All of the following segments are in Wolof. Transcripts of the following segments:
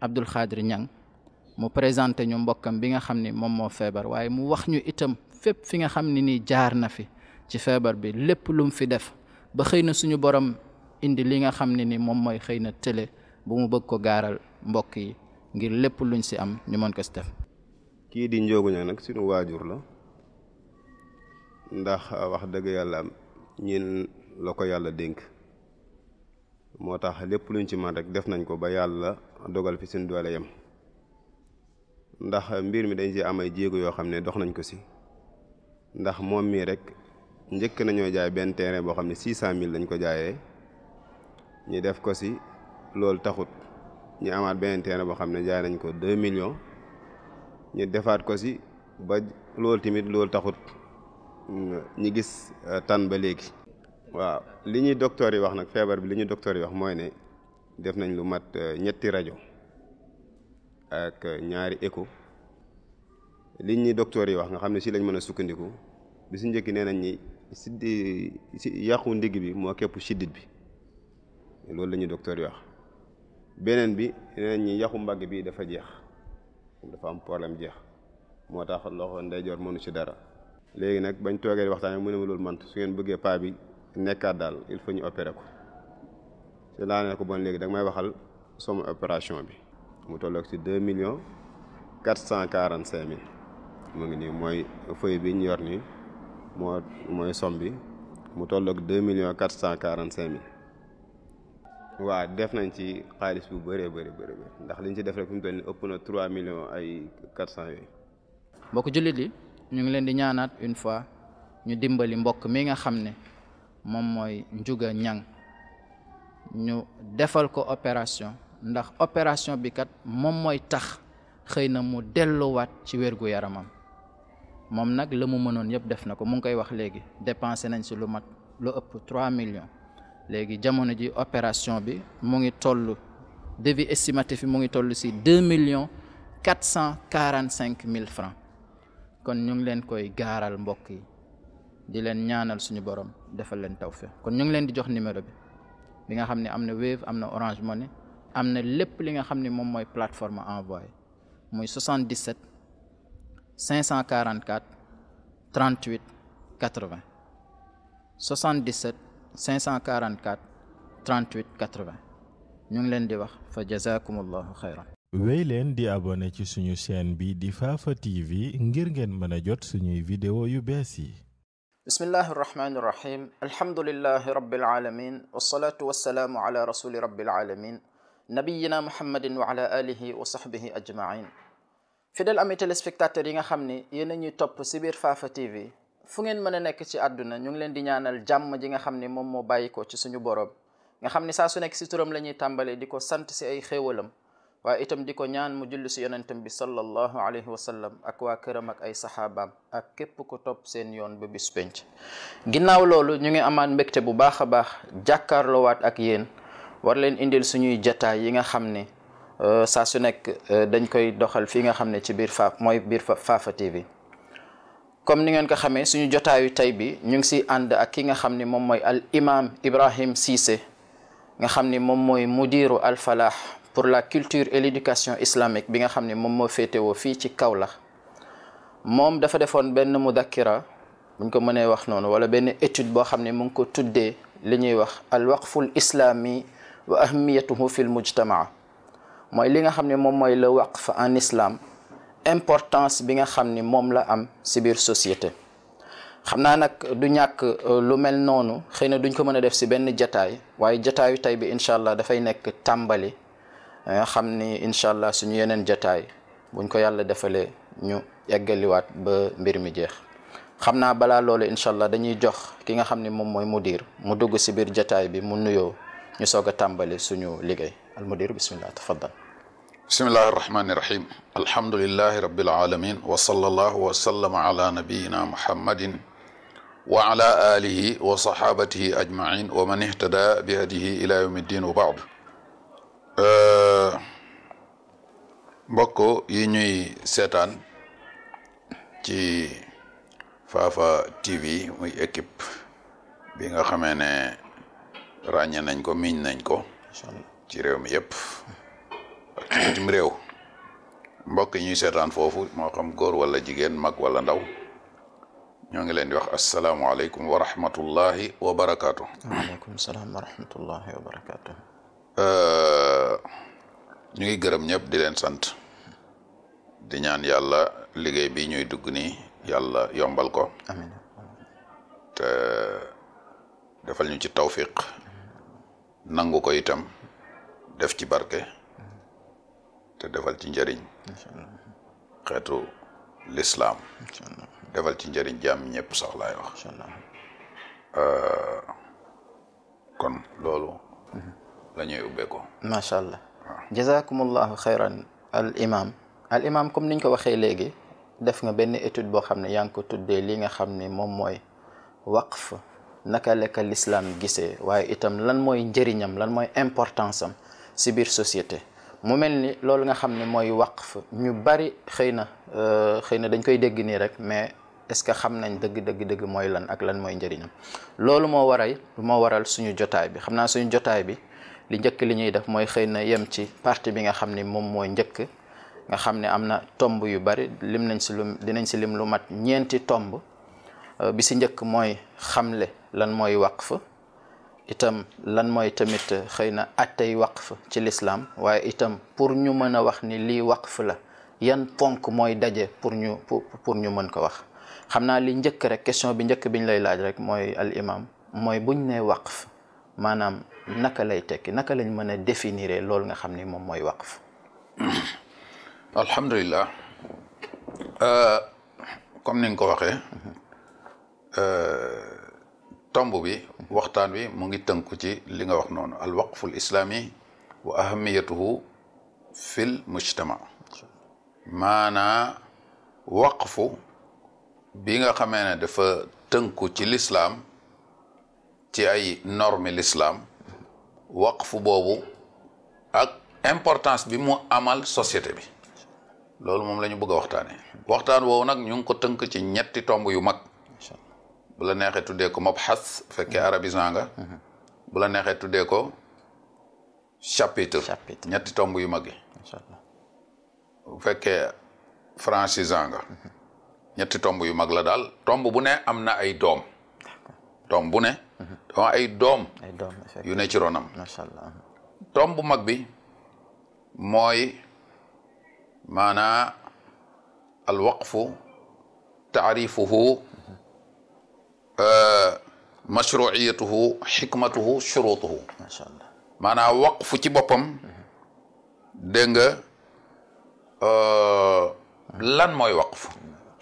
Abdul Xaadir Ñang mu présenté ñu mbokkam bi nga xam ni moom moo feebar waaye mu wax ñu itam fépp fi nga xam ni nii jaar na fi ci feebar bi lépp lum fi def ba xëy na suñu borom indi li nga xam ne ni moom mooy xëy na télé bu mu bëgg ko gaaral mbokk yi ngir lépp luñ si am ñu mën ko si def. kii di Ndiogou Niang nag suñu waajur la ndax wax dëgg yàlla ñin la ko yàlla dénk moo tax lépp luñ ci man rek def nañ ko ba yàlla. dogal fi suñ doole yem ndax mbir mi dañ ci am ay jéego yoo xam ne dox nañ ko si ndax moom mii rek njëkk nañoo jaay benn terrain boo xam ne six cent mille dañ ko jaayee ñu def ko si loolu taxut ñu amaat benn terrain boo xam ne jaay nañ ko deux millions ñu defaat ko si ba loolu tamit loolu taxut ñi gis euh, tan ba léegi. waaw li ñuy docteur yi wax nag feebar bi li ñuy docteur yi wax mooy ne. def nañ lu mat euh, ñetti rajo ak euh, ñaari écho li ñuy docteur yi wax nga xam ne si lañ mën a sukkandiku bi si njëkk nee nañ ñi siddi si yàqu ndigg bi moo képp siddit bi loolu la ñuy docteur yi wax beneen bi nee nañ ñi yàqu mbagg bi dafa jeex dafa am problème jeex moo tax loxo ndeyjoor mënu ci dara léegi nag bañ toogee waxtaan mu ne ma loolu mant su ngeen bëggee paa bi nekkaat daal il faut ñu opéré ko ci laa ne ko bon léegi da nga may waxal somme opération bi mu tolloog ci deux millions quatre cent quarante cinq mille mu ngi nii mooy feuille bi ñu yor nii moo mooy somme bi mu tolloog deux millions quatre cent quarante cinq mille waaw def nañ ci xaalis bu bëree bëri bëri ndax liñ ci def rek fi mu toll nii ëpp na trois millions ay quatre cent yooyu. mbokk jullit yi ñu ngi leen di ñaanaat une fois ñu dimbali mbokk mi nga xam ne moom mooy Ndiouga Niang ñu defal ko opération ndax opération bi kat moom mooy tax xëy na mu delluwaat ci wérgu yaramam moom nag la mu mënoon yëpp def na ko mu ngi koy wax léegi dépensé nañ si lu mat lu ëpp trois millions léegi jamono ji opération bi mu ngi toll devis estimatif bi mu ngi toll si deux millions quatre cent quarante cinq mille francs kon ñu ngi leen koy gaaral mbokk yi di leen ñaanal suñu borom defal leen tawfeex kon ñu ngi leen di jox numéro bi li nga xam ne am na Wave am na Orange Money am na lépp li nga xam ni moom mooy plateforme envoyé muy 77 544 38 80 77 544 38 80 ñu ngi leen di wax fa jazakumullahu xayran wéy leen di abonné ci suñu chaîne bi di Fafa TV ngir ngeen mën a jot suñuy vidéo yu bees yi بسم الله الرحمن الرحيم الحمد لله رب العالمين والصلاة والسلام على رسول رب العالمين نبينا محمد وعلى آله وصحبه أجمعين fidèle ami téléspectateurs yi nga xam ni yéen a ñuy topp si biir Fafa TV fu ngeen mën a nekk ci àdduna ñu ngi leen di ñaanal jàmm ji nga xam ni moom moo bàyyi ko ci suñu boroom nga xam ni saa su nekk si turam la ñuy tàmbale di ko sant si ay xéewalam waa itam di ko ñaan mu julli si yonentam bi sallallahu alayhi wa sallam ak waa këram ak ay saxaabaam ak képp ko topp seen yoon ba bis ginnaaw loolu ñu ngi amaat mbégte bu baax a baax jàkkaarloowaat ak yéen war leen indil suñuy jataay yi nga xam ne euh, saa su nekk euh, dañ koy doxal fii nga xam ne ci biir faaf mooy biir Fafa TV comme ni ngeen ko xamee suñu jotaayu tey bi ñu ngi siy ànd ak ki nga xam ne moom mooy al imam Ibrahim Cissé nga xam ni moom mooy mudiru Al Falah pour la culture et l'éducation islamique bi nga xam ne moom moo féetewoo fii ci Kaolack moom dafa defoon benn mudakira buñ ko mënee wax noonu wala benn étude boo xam ne mu ngi ko tuddee li ñuy wax al waqful islami wa ahmiyatuhu fil mujtamaa mooy li nga xam ne moom mooy le waqf en islam importance bi nga xam ni moom la am si biir société xam naa nag du ñàkk euh, lu mel noonu xëy na duñ ko mën a def si benn jataay waaye jataayu tey bi incha allah dafay nekk tàmbali nga eh, xam ni incha allah suñu yeneen jataay buñ ko yàlla defalee ñu eggaliwaat ba mbir mi jeex xam naa balaa loolu incha allah dañuy jox ki nga xam ni moom mooy mudir mu dugg si biir jataay bi mu nuyoo ñu soog a tàmbali suñu liggéey al mudir bismillah tafaddal bismillahi irrahmani irrahim alhamdulilahi rabbil alamin wa sallallahu wa sallama ala nabiyina muhammadin wa ala alihi wa sahabatihi ajmain wa man Euh, mbokk yi ñuy seetaan ci Fafa TV muy équipe bi nga xamee ne ràññe nañ ko miñ nañ ko ci réew mi yëpp ak réew mbokk yi ñuy seetaan foofu moo xam góor wala jigéen mag wala ndaw ñoo ngi leen di wax asalaamualeykum wa rahmatullahi wa barakaatu. waaleykum salaam wa rahmatullahi wa barakaatu. ñu ngi gërëm di leen sant di ñaan yàlla liggéey bi ñuy dugg nii yàlla yombal ko te defal ñu ci tawfiq nangu ko itam def ci barke te defal ci njëriñ xeetu lislaam defal ci njëriñ jàmm ñëpp sax laay kon loolu la ñuy ubbee ko. macha allah jazakumullahu xayran al imaam al imaam comme niñ ko waxee léegi def nga benn étude boo xam ne yaa ngi ko tuddee li nga xam ne moom mooy waqf naka la ka lislaam gisee waaye itam lan mooy njëriñam lan mooy importance am si biir société mu mel ni loolu nga xam ne mooy waqf ñu bari xëy na euh, xëy na dañ koy dégg nii rek mais est-ce que xam nañ dëgg dëgg dëgg mooy lan ak lan mooy njëriñam loolu moo waral moo waral suñu jotaay bi xam naa suñu jotaay bi li njëkk li ñuy def mooy xëy na yem ci partie bi nga xam ni moom mooy njëkk nga xam ne am na tomb yu bari lim nañ si lu dinañ si lim lu mat ñeenti tomb euh, bi si njëkk mooy xamle lan mooy waqf itam lan mooy tamit xëy na attey fa ci lislaam waaye itam pour ñu mën a wax ni lii waqf la yan ponk mooy daje pour ñu pour ñu mën ko wax xam naa li njëkk rek question bi njëkk biñ lay laaj rek mooy al imam mooy buñ ne waqf maanaam naka lay tekki naka lañ mën a définir loolu nga xam ni moom mooy waqf alhamdulilah euh, comme ni nga ko waxee euh, tomb bi waxtaan wi mu ngi tënku ci li nga wax noonu al waqfu islami wa ahamiyatuhu fil mujtama maanaa waqfu bi nga xamee ne dafa tënku ci lislaam ci ay norme l'islam fu boobu ak importance bi mu amal société bi loolu moom lañu ñu bëgg a waxtaanee waxtaan woowu nag ñu ngi ko tënk ci ñetti tomb yu mag bu neexee tuddee ko mabxas fekkee arabisan nga bu neexee tuddee ko chapitre ñetti tomb yu mag yi bu fekkee francisan nga ñetti tomb yu mag la daal tomb bu ne am na ay doom doom bu ne. dafa ay doom. ay doom yu ne ci ronam. macha allah uh-huh. doom bu mag bi mooy maanaa alwaqfu taarifuhu uh, mashruiyatuhu xikmatuhu shurutuhu. macha allah maanaa waqfu ci boppam dégg nga uh, lan mooy waqf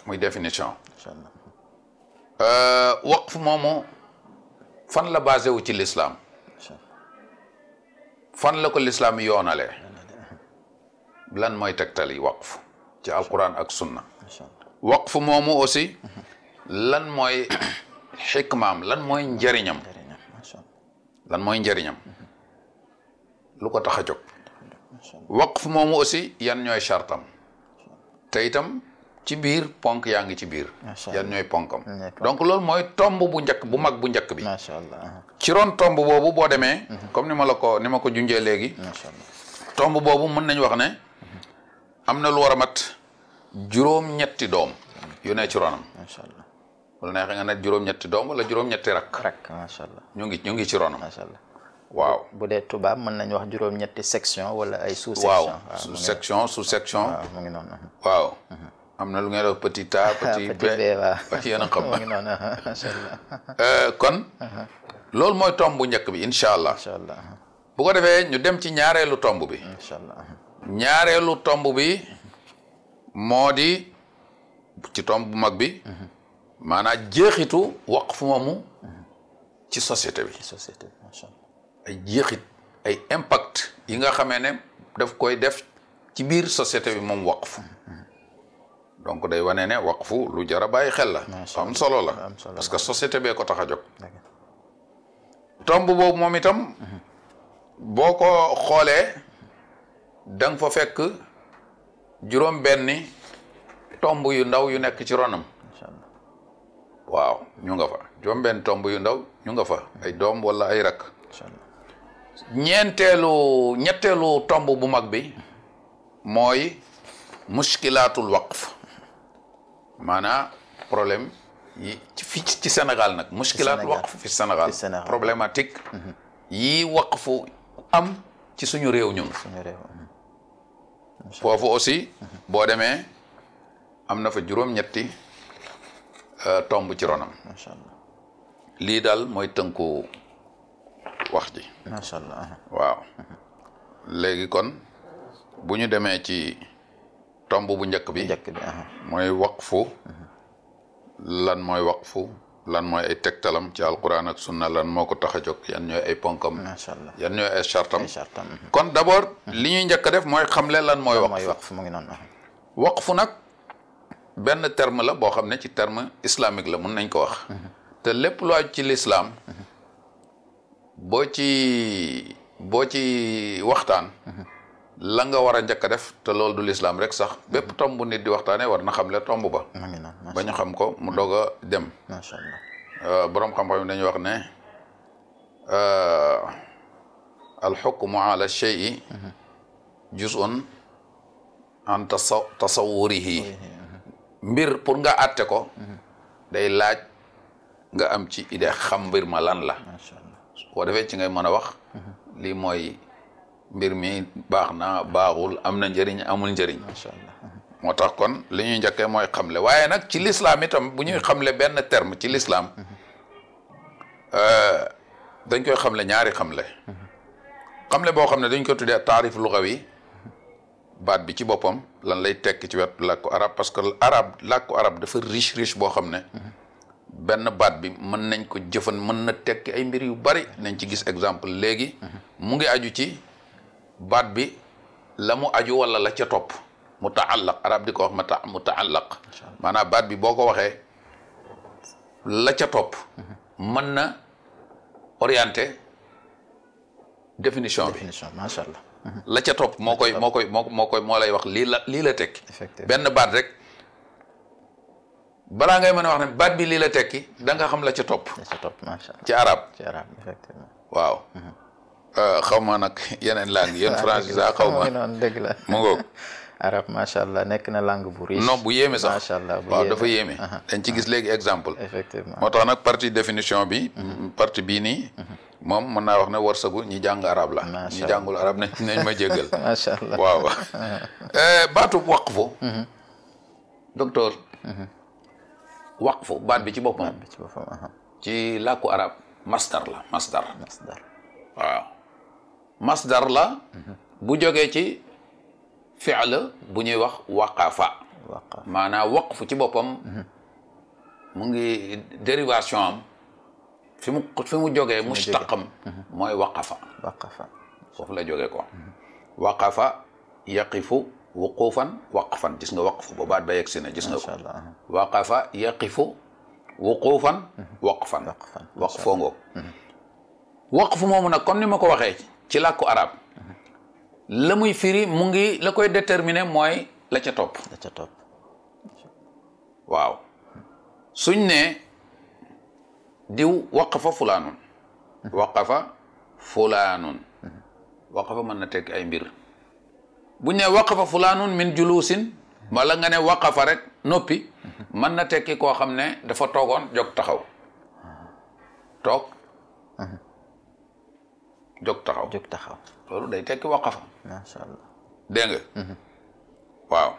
muy définition. Uh-huh. Uh, waqf moomu. fan la basé wu ci lislaam fan la ko lislaam yoonale lan mooy tegtal yi waqf ci alquran ak sunna waqf moomu aussi lan mooy xikmaam lan mooy njariñam lan mooy njariñam lu ko tax a jóg waqf moomu aussi yan ñooy chartam te ci biir ponk yaa ngi ci biir. yan ñooy ponkam. donc loolu mooy tomb bu njëkk bu mag bu njëkk bi. macha ci ron tomb boobu boo demee. Mhm. comme ni ma la ko ni ma ko junjee léegi. macha allah tomb boobu mën nañu wax ne am na lu war a mat juróom-ñetti doom yu ne ci ronam. macha allah wala neexee nga juróom-ñetti doom wala juróom-ñetti rak. rak macha allah ñu ngi ñu ngi ci ronam. macha allah waaw bu dee tubaab mën nañu wax juróom-ñetti section wala ay. sous section waaw sous section sous section. mu ngi noonu waaw. Mhm. am na lu ngeen wax petit a petit b a xam eh, kon uh-huh. loolu mooy tomb bu njëkk bi incha allah bu ko defee ñu dem ci ñaareelu tomb bi incha allah ñaareelu tomb bi moo di ci tomb bu mag bi uh-huh. maanaam jeexitu waqfu moomu ci société bi société ay jeexit ay impact yi nga xamee ne daf koy def ci biir société bi moom waqfu uh-huh. donc day wane ne fu lu jara a bàyyi xel la. am solo la parce que société bee ko tax a jóg. tomb boobu moom itam. Mhm. boo ko xoolee da nga fa fekk juróom benni tomb yu ndaw yu nekk ci ronam. waaw ñu nga fa juróom benn tomb yu ndaw ñu nga fa ay doom wala ay rak. ñeenteelu tomb bu mag bi mooy mushkilaatul waqf. maanaa problème yi ci Sénégal nag muskilaat waqf fi Sénégal problématique mhm. yii fu am ci suñu réew ñun mhm. foofu aussi mhm. boo demee am na fa juróom-ñetti euh, tomb ci ronam macha allah lii daal mooy tënku wax ji macha allah waaw léegi kon bu demee ci tomb bu njëkk bi njëkk bi mooy waqfu lan mooy waqfu lan mooy ay tegtalam ci alquran ak sunna lan moo ko tax a yan ñooy ay ponkam macha allah yan ñooy ay chartam mhm. kon d'abord li ñuy njëkk def mooy xam le lan mooy waqfu mu ngi noonu waqfu nag benn terme la boo xam ne ci terme islamique la mun nañ ko wax mhm. te lépp lu ci lislaam mhm. boo ci boo ci waxtaan la nga war a njëkk a def te loolu du lislam rek sax bépp mm-hmm. tomb nit di waxtaanee war na xam le tomb ba ba ñu xam ko mu mm-hmm. doog a dem macha allah euh, borom xam-xam yi dañuy wax ne euh, alxukmu ala cheyi mm-hmm. juzun an tasa tasawurihi mbir pour nga àtte ko day laaj nga am ci idée xam mbir ma lan la boo defee ci ngay mën a wax lii mooy mbir mi baax na baaxul am na njëriñ amul njariñ moo tax kon li ñuy njëkkee mooy xamle waaye nag ci lislaam itam bu ñuy xamle benn terme ci lislaam mhm. euh, dañ koy xamle ñaari xamle. Mhm. xamle boo xam ne dañ ko tuddee taarif lugawi baat bi ci boppam lan lay tekk ci wet làkku arab parce que arab làkku arab dafa riche riche boo xam ne mhm. benn baat bi mën nañ ko jëfan mën na tekki ay mbir yu bari nañ ci gis exemple léegi mu ngi aju ci baat bi la mu aju wala la ca topp mu taallaq arab di ko wax mata mu taallaq maanaam baat bi boo ko waxee la ca topp mhm. mën na orienté définition bi définition macha mhm. la ca topp moo koy moo koy moo moo koy moo lay wax lii la lii la tekki benn baat rek balaa ngay mën a wax ne baat bi lii la tekki da nga xam la ca topp. la ca topp ci arab waaw. Mhm. Euh, xaw ma nag yeneen langue yéen français ah, sax xaw ma noonu dëgg la mu ngoog arab macha allah nekk na langue bu riche non bu yéeme sax macha waaw dafa yéeme dañ ci gis léegi exemple effectivement moo tax nag partie définition bi mhm. partie bii nii mhm. moom mën naa wax ne warsagu ñi jàng arab la ñi jàngul arab nañ nañ ma jéggal macha allah waaw eh, baatu waqfu mhm. docteur waqfu baat bi ci boppam ci làkku arab masdar la masdar waaw masdar la bu jógee ci fi'l bu ñuy wax waqafa maanaam waqfu ci boppam mu ngi dérivation am fi mu fi mu jógee mustaqam mhm. mooy waqafa waqafa la jógee ko waqafa yaqifu wuqufan waqfan gis nga waqfu ba baat ba yegsi na gis nga ko uh-huh. waqafa yaqifu wuqufan waqfan waqfoo ngoog waqfu moomu nag comme ni ma ko waxee ci làkku arab uh-huh. la muy firi mu ngi la koy déterminé mooy la ca topp la ca topp waaw suñ ne diw waqafa fulaanun uh-huh. waqafa fulaanun uh-huh. waqafa mën na tekk ay mbir buñ ne waqafa fulaanun min juluusin wala nga ne waqafa rek noppi mën na tekki koo xam ne dafa toogoon jog taxaw toog jóg taxaw jóg taxaw. loolu day tekki waqafa. macha nga. Mhm. waaw.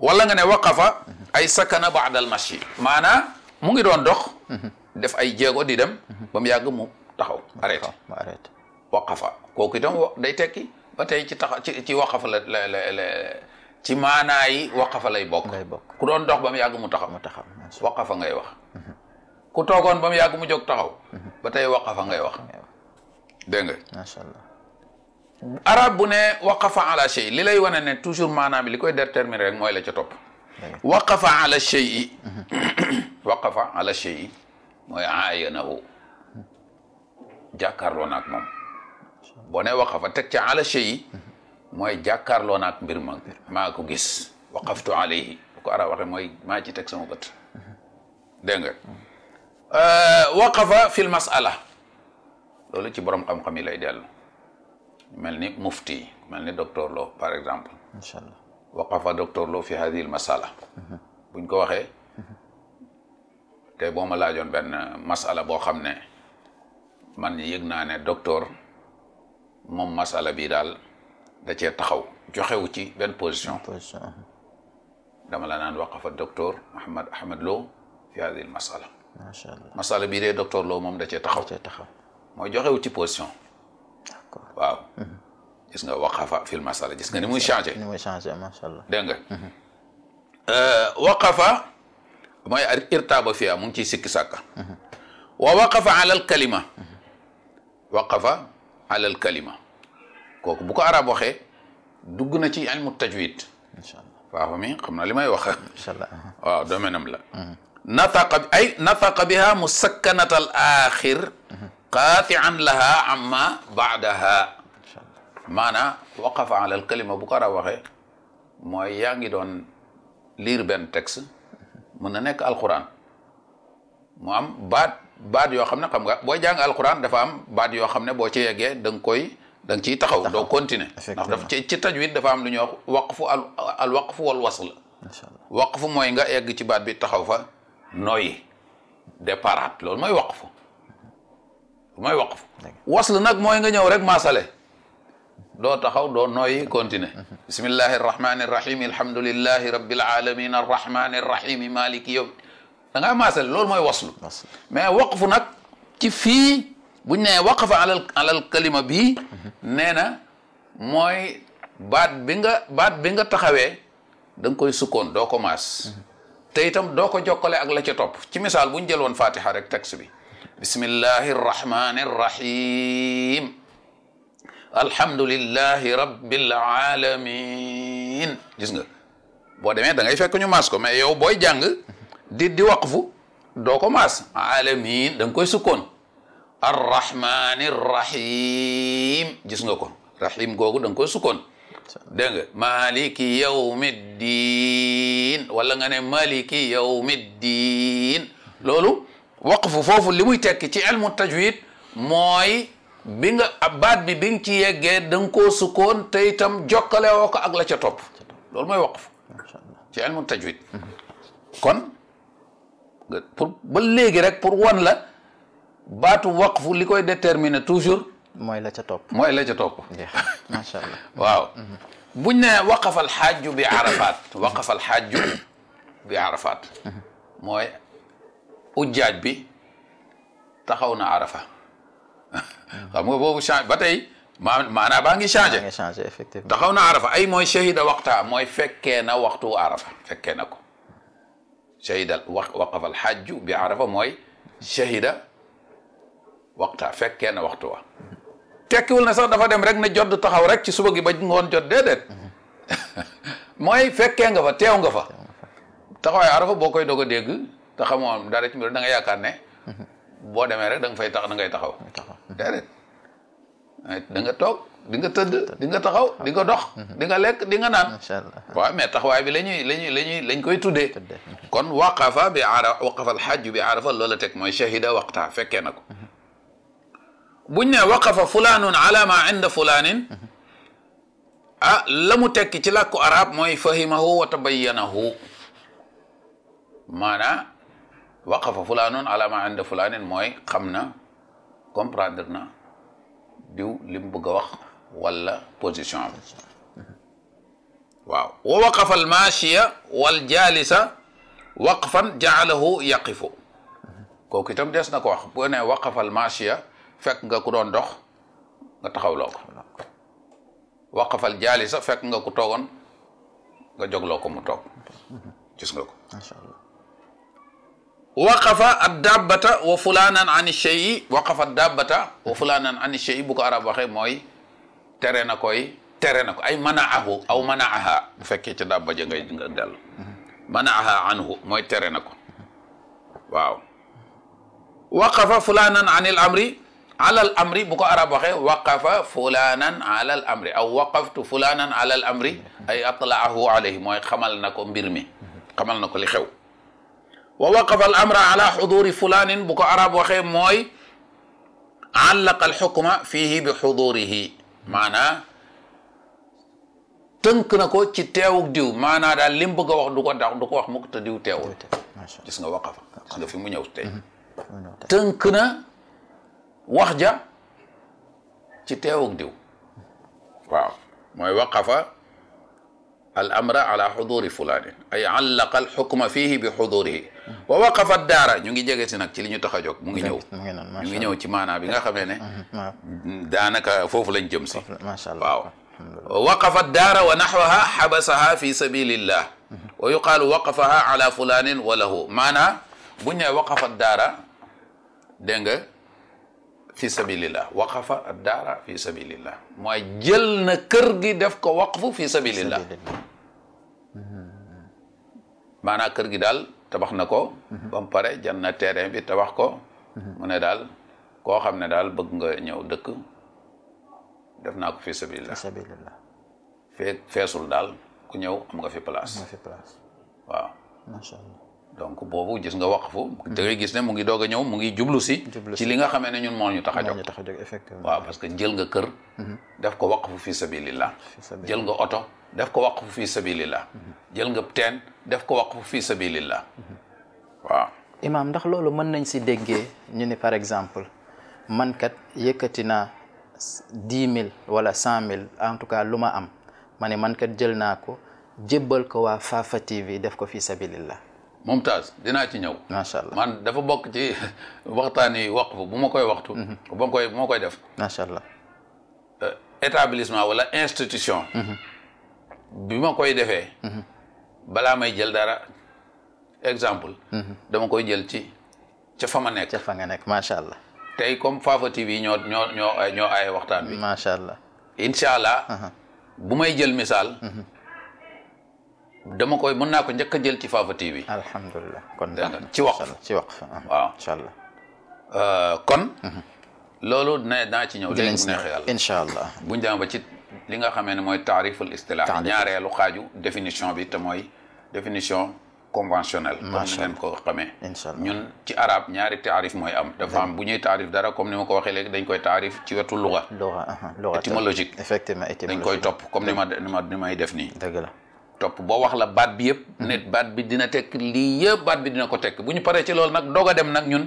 wala nga ne waqafa. ay sakana baadal mashi. maanaam mu ngi doon dox. Mhm. def ay jéego di dem. Mhm. ba mu yàgg mu taxaw arrêté. mu arrêté waqafa kooku day tekki ba tey ci taxaw ci ci waqafa la la ci maanaa yi waqafa lay bokk. lay bokk ku doon dox ba mu yàgg mu taxaw. mu taxaw waqafa ngay wax. ku toogoon ba mu yàgg mu jóg taxaw. ba tey waqafa ngay wax. dégg nga. macha allah. arab bu ne waqafa ala shay li lay wane ne toujours maanaam li koy déterminer rek mooy la ca topp. waqafa ala shay mhm. waqafa ala shay mooy aayanahu jàkkaarloo naag moom boo nee waqafa teg ca ala shay mooy jàkkaarloo naag mbir ma maa ko gis waqaftu alayhi bu mooy maa ci teg sama bët mhm. dégg nga euh, waqafa fil loolu ci borom xam-xam yi lay dellu mel ni mufti mel ni docteur Lo par exemple. incha allah waqafa docteur Lo fi hadhihi masala buñ ko waxee. te boo ma laajoon benn masala boo xam ne man yëg naa ne docteur moom masala bii daal da cee taxaw joxewu ci benn position. Uh-huh. dama la naan waqafa docteur Ahmad Ahmad Lo fi hadhihi al masala masala bi de docteur Lo moom da cee taxaw. cee taxaw. mooy joxewu ci position. d'accord waaw. Mhm. gis nga waqafa fil masala nga ni muy changé. ni muy allah dégg nga. Mhm. Euh, waqafa mu ngi ciy sikki sàkka. Mhm. wa waqafa alal kalima. waqafa alal kalima. arab waxee dugg na ci ilmu tajwid. incha allah li may wax. allah waaw am la. nataqa ay nataqa biha musakkanata al axir qaatian laha amma baadaha maana waqafa ala al kalima bu ko a waxee mooy yaa ngi doon liir benn texte mun na nekk alquran mu am baat baat yoo xam ne xam nga booy jàng alquran dafa am baat yoo xam ne boo ci yeggee dang koy da ci ciy taxaw doo continuer ndax dafa ci ci tajwid dafa am lu ñuy wax waqfu al al waqfu wal wasl waqfu mooy nga egg ci baat bi taxaw fa nooyi déparaat loolu mooy waqfu mooy waqf wasl nag mooy nga ñëw rek maasale doo taxaw doo nooyi continuer mhm. bismillahi arrahmani irrahim alhamdulillahi rabbil alamin arrahmani irrahimi maliki yawm da ngaa maasale lool mooy waslu mais waqfu nag ci fii buñ nee waqfa alal alal kalima bi mhm. nee na mooy baat bi nga baat bi nga taxawee da koy sukkoon doo ko maas mhm. tey tam doo ko jokkale ak la ca topp ci misaal buñ jël woon fatiha rek texte bi bismillahi rrahmani rrahim alhamdulillahi rabbil alamin gis nga boo demee dangay ngay fekk ñu maas ko mais yow booy jàng di di waqfu doo maas alamin da koy sukkoon arrahmani rrahim gis nga ko rahim googu da nga koy sukkoon dégg nga maliki yawmiddin wala nga ne maliki yawmiddin loolu waqfu foofu li muy tekki ci ilmu tajwid mooy bi nga baat bi bi nga ci yeggee da nga koo sukkoon itam jokkale woo ko ak la ca topp loolu mooy waqfu ci ilmu tajwid kon pour ba léegi rek pour won la baatu waqfu li koy déterminer toujours mooy la ca topp mooy la ca topp macha allah waaw buñ ne waqafa alxaaju bi arafat waqafa alxaaju bi arafat mooy ujjaaj bi taxaw na arafa xam nga boobu change ba tey maa maanaa baa ngi changé effectivement taxaw na arafa ay mooy shahida waqta mooy fekkee na waxtu arafa fekkee na ko shahida wa waqafa bi arafa mooy shahida waqta fekkee na waxtu wa tekkiwul na sax dafa dem rek na jodd taxaw rek ci suba gi ba ngoon jot déedéet mooy fekkee nga fa teew nga fa taxawaay arafa boo koy doog te xamoo dara ci mbir danga nga ne. boo demee rek da fay tax da ngay taxaw. Mm-hmm. déedéet da nga toog di nga tëdd di nga taxaw di nga dox. Mm-hmm. di nga lekk di nga naan. incha allah waaw mais taxawaay bi la ñuy la ñuy lañ koy tuddee. Mm-hmm. kon waqafa bi ara waqafa alxajju bi arafa loola tek mooy shahida waqta fekkee na ko. buñ ne waqafa fulaanun ala ma inda fulaanin. ah la mu tekki ci làkku araab mooy fahimahu wa tabayyanahu waqafa fulaanun ala ma inda fulaanin mooy xam na comprendre na diw li bëgg a wax wala position am waaw wa waqafa almaashiya wal jaalisa waqfan jaalahu yaqifu kooku itam des na ko wax bu ne waqafa almaashiya fekk nga ku doon dox nga taxawloo ko waqafa aljaalisa fekk nga ku toogoon nga jogloo ko mu toog gis nga ko. waqafa addabata wa fulanan an cheyi waqafa addabata wa fulanan an cheyi bu ko arab waxee mooy tere na koy tere na ko ay manaahu aw manaaha bu fekkee ca dabba ja ngay nga dellu anhu mooy tere na ko waaw waqafa fulanan an il amri alal amri bu ko arab waxee waqafa fulanan alal amri aw waqaftu fulanan alal amri ay na ko mbir mi na ko li xew wa waqafa al amra ala xuduri fulaanin bu ko arab waxee mooy allaqa al xukma fiihi bi xudurihi maanaa tënk na ko ci teewuk diw maanaa daal lim bëgg a wax du ko dax du ko wax mukk te diw teewul gis nga waqafa gis nga fi mu ñëw tey mhm. tënk na wax ja ci teewuk diw waaw mooy waqafa al amra ala xuduri fulaanin ay allaqa al xukma fihi bi xudurihi wa waqafa daara ñu ngi jege si nag ci li ñu tax a jóg mu ngi ñëw ñu ngi ñëw ci maanaa bi nga xamee ne daanaka foofu lañ jëm si macha allah waaw wa waqafa daara wa naxwaha xabasaha fi sabilillah wa yuqaalu waqafaha ala fulaanin wa lahu maanaa buñ ne waqafa daara dégg nga fi sabilillah waqafa daara fi sabilillah mooy jël na kër gi def ko waqfu fi sabilillah mm-hmm. maanaam kër gi daal tabax na ko mm-hmm. ba mu pare jënd na terrain bi tabax ko mm-hmm. mu ne daal koo xam ne daal bëgg nga ñëw dëkk def naa ko fi sabilillah fee feesul daal ku ñëw am nga fi place waaw donc boobu gis nga waqfu. Hmm. da ngay gis ne mu ngi doog a ñëw mu ngi jublu si. jublu ci li nga xamee ne ñun moo ñu tax a jóg. effectivement waaw parce que jël nga kër. Hmm. def ko waqfu fi sabilillah jël nga oto def ko waqfu fi sabilillah hmm. jël nga teen def ko waqfu fi sabilillah waaw. imaam ndax loolu mën nañ si déggee ñu ne par exemple man kat yëkkati naa dix mille wala cent mille en tout cas lu ma am ma ne man kat jël naa ko jëbal ko waa Fafa TV def ko fi sabilillah Mumtaz dinaa ci ñëw. macha allah man dafa bokk ci waxtaan wax waqf bu ma koy waxtu. Mhm. bu ma koy koy def. macha allah euh, établissement wala institution. Mhm. bi ma koy defee. Mhm. balaa may jël dara exemple. dama koy jël ci ca fa ma nekk. ca fa nga nekk macha allah. tey comme Fafa TV ñoo ñoo ñoo ñoo waxtaan bi. macha allah incha uh-huh. bu may jël misaal. dama koy mën naa ko njëkk a jël ci Fafa TV. alhamdulilah kon ah, ci wax ci wax ah, waaw incha allah. Euh, kon. Mhm. loolu ne naa ci ñëw. dinañ si ñëw incha allah bu ñu demee ba ci li nga xamee ne mooy taariful istilah. ñaareelu xaaju definition bi te mooy définition conventionnelle. macha allah comme ni ngeen ko xamee. incha allah ñun ci arab ñaari taarif mooy am. bu ñuy taarif dara comme ni ma ko waxee léegi dañ koy taarif ci wetu luga. luga luga étymologique. effectivement étymologique dañ koy topp comme ni ma ni ma ni may nii. topp boo wax la baat bi yëpp mm-hmm. ne baat bi dina tekk lii yëpp baat bi dina ko tekk bu ñu paree ci lool nag doog a dem nag ñun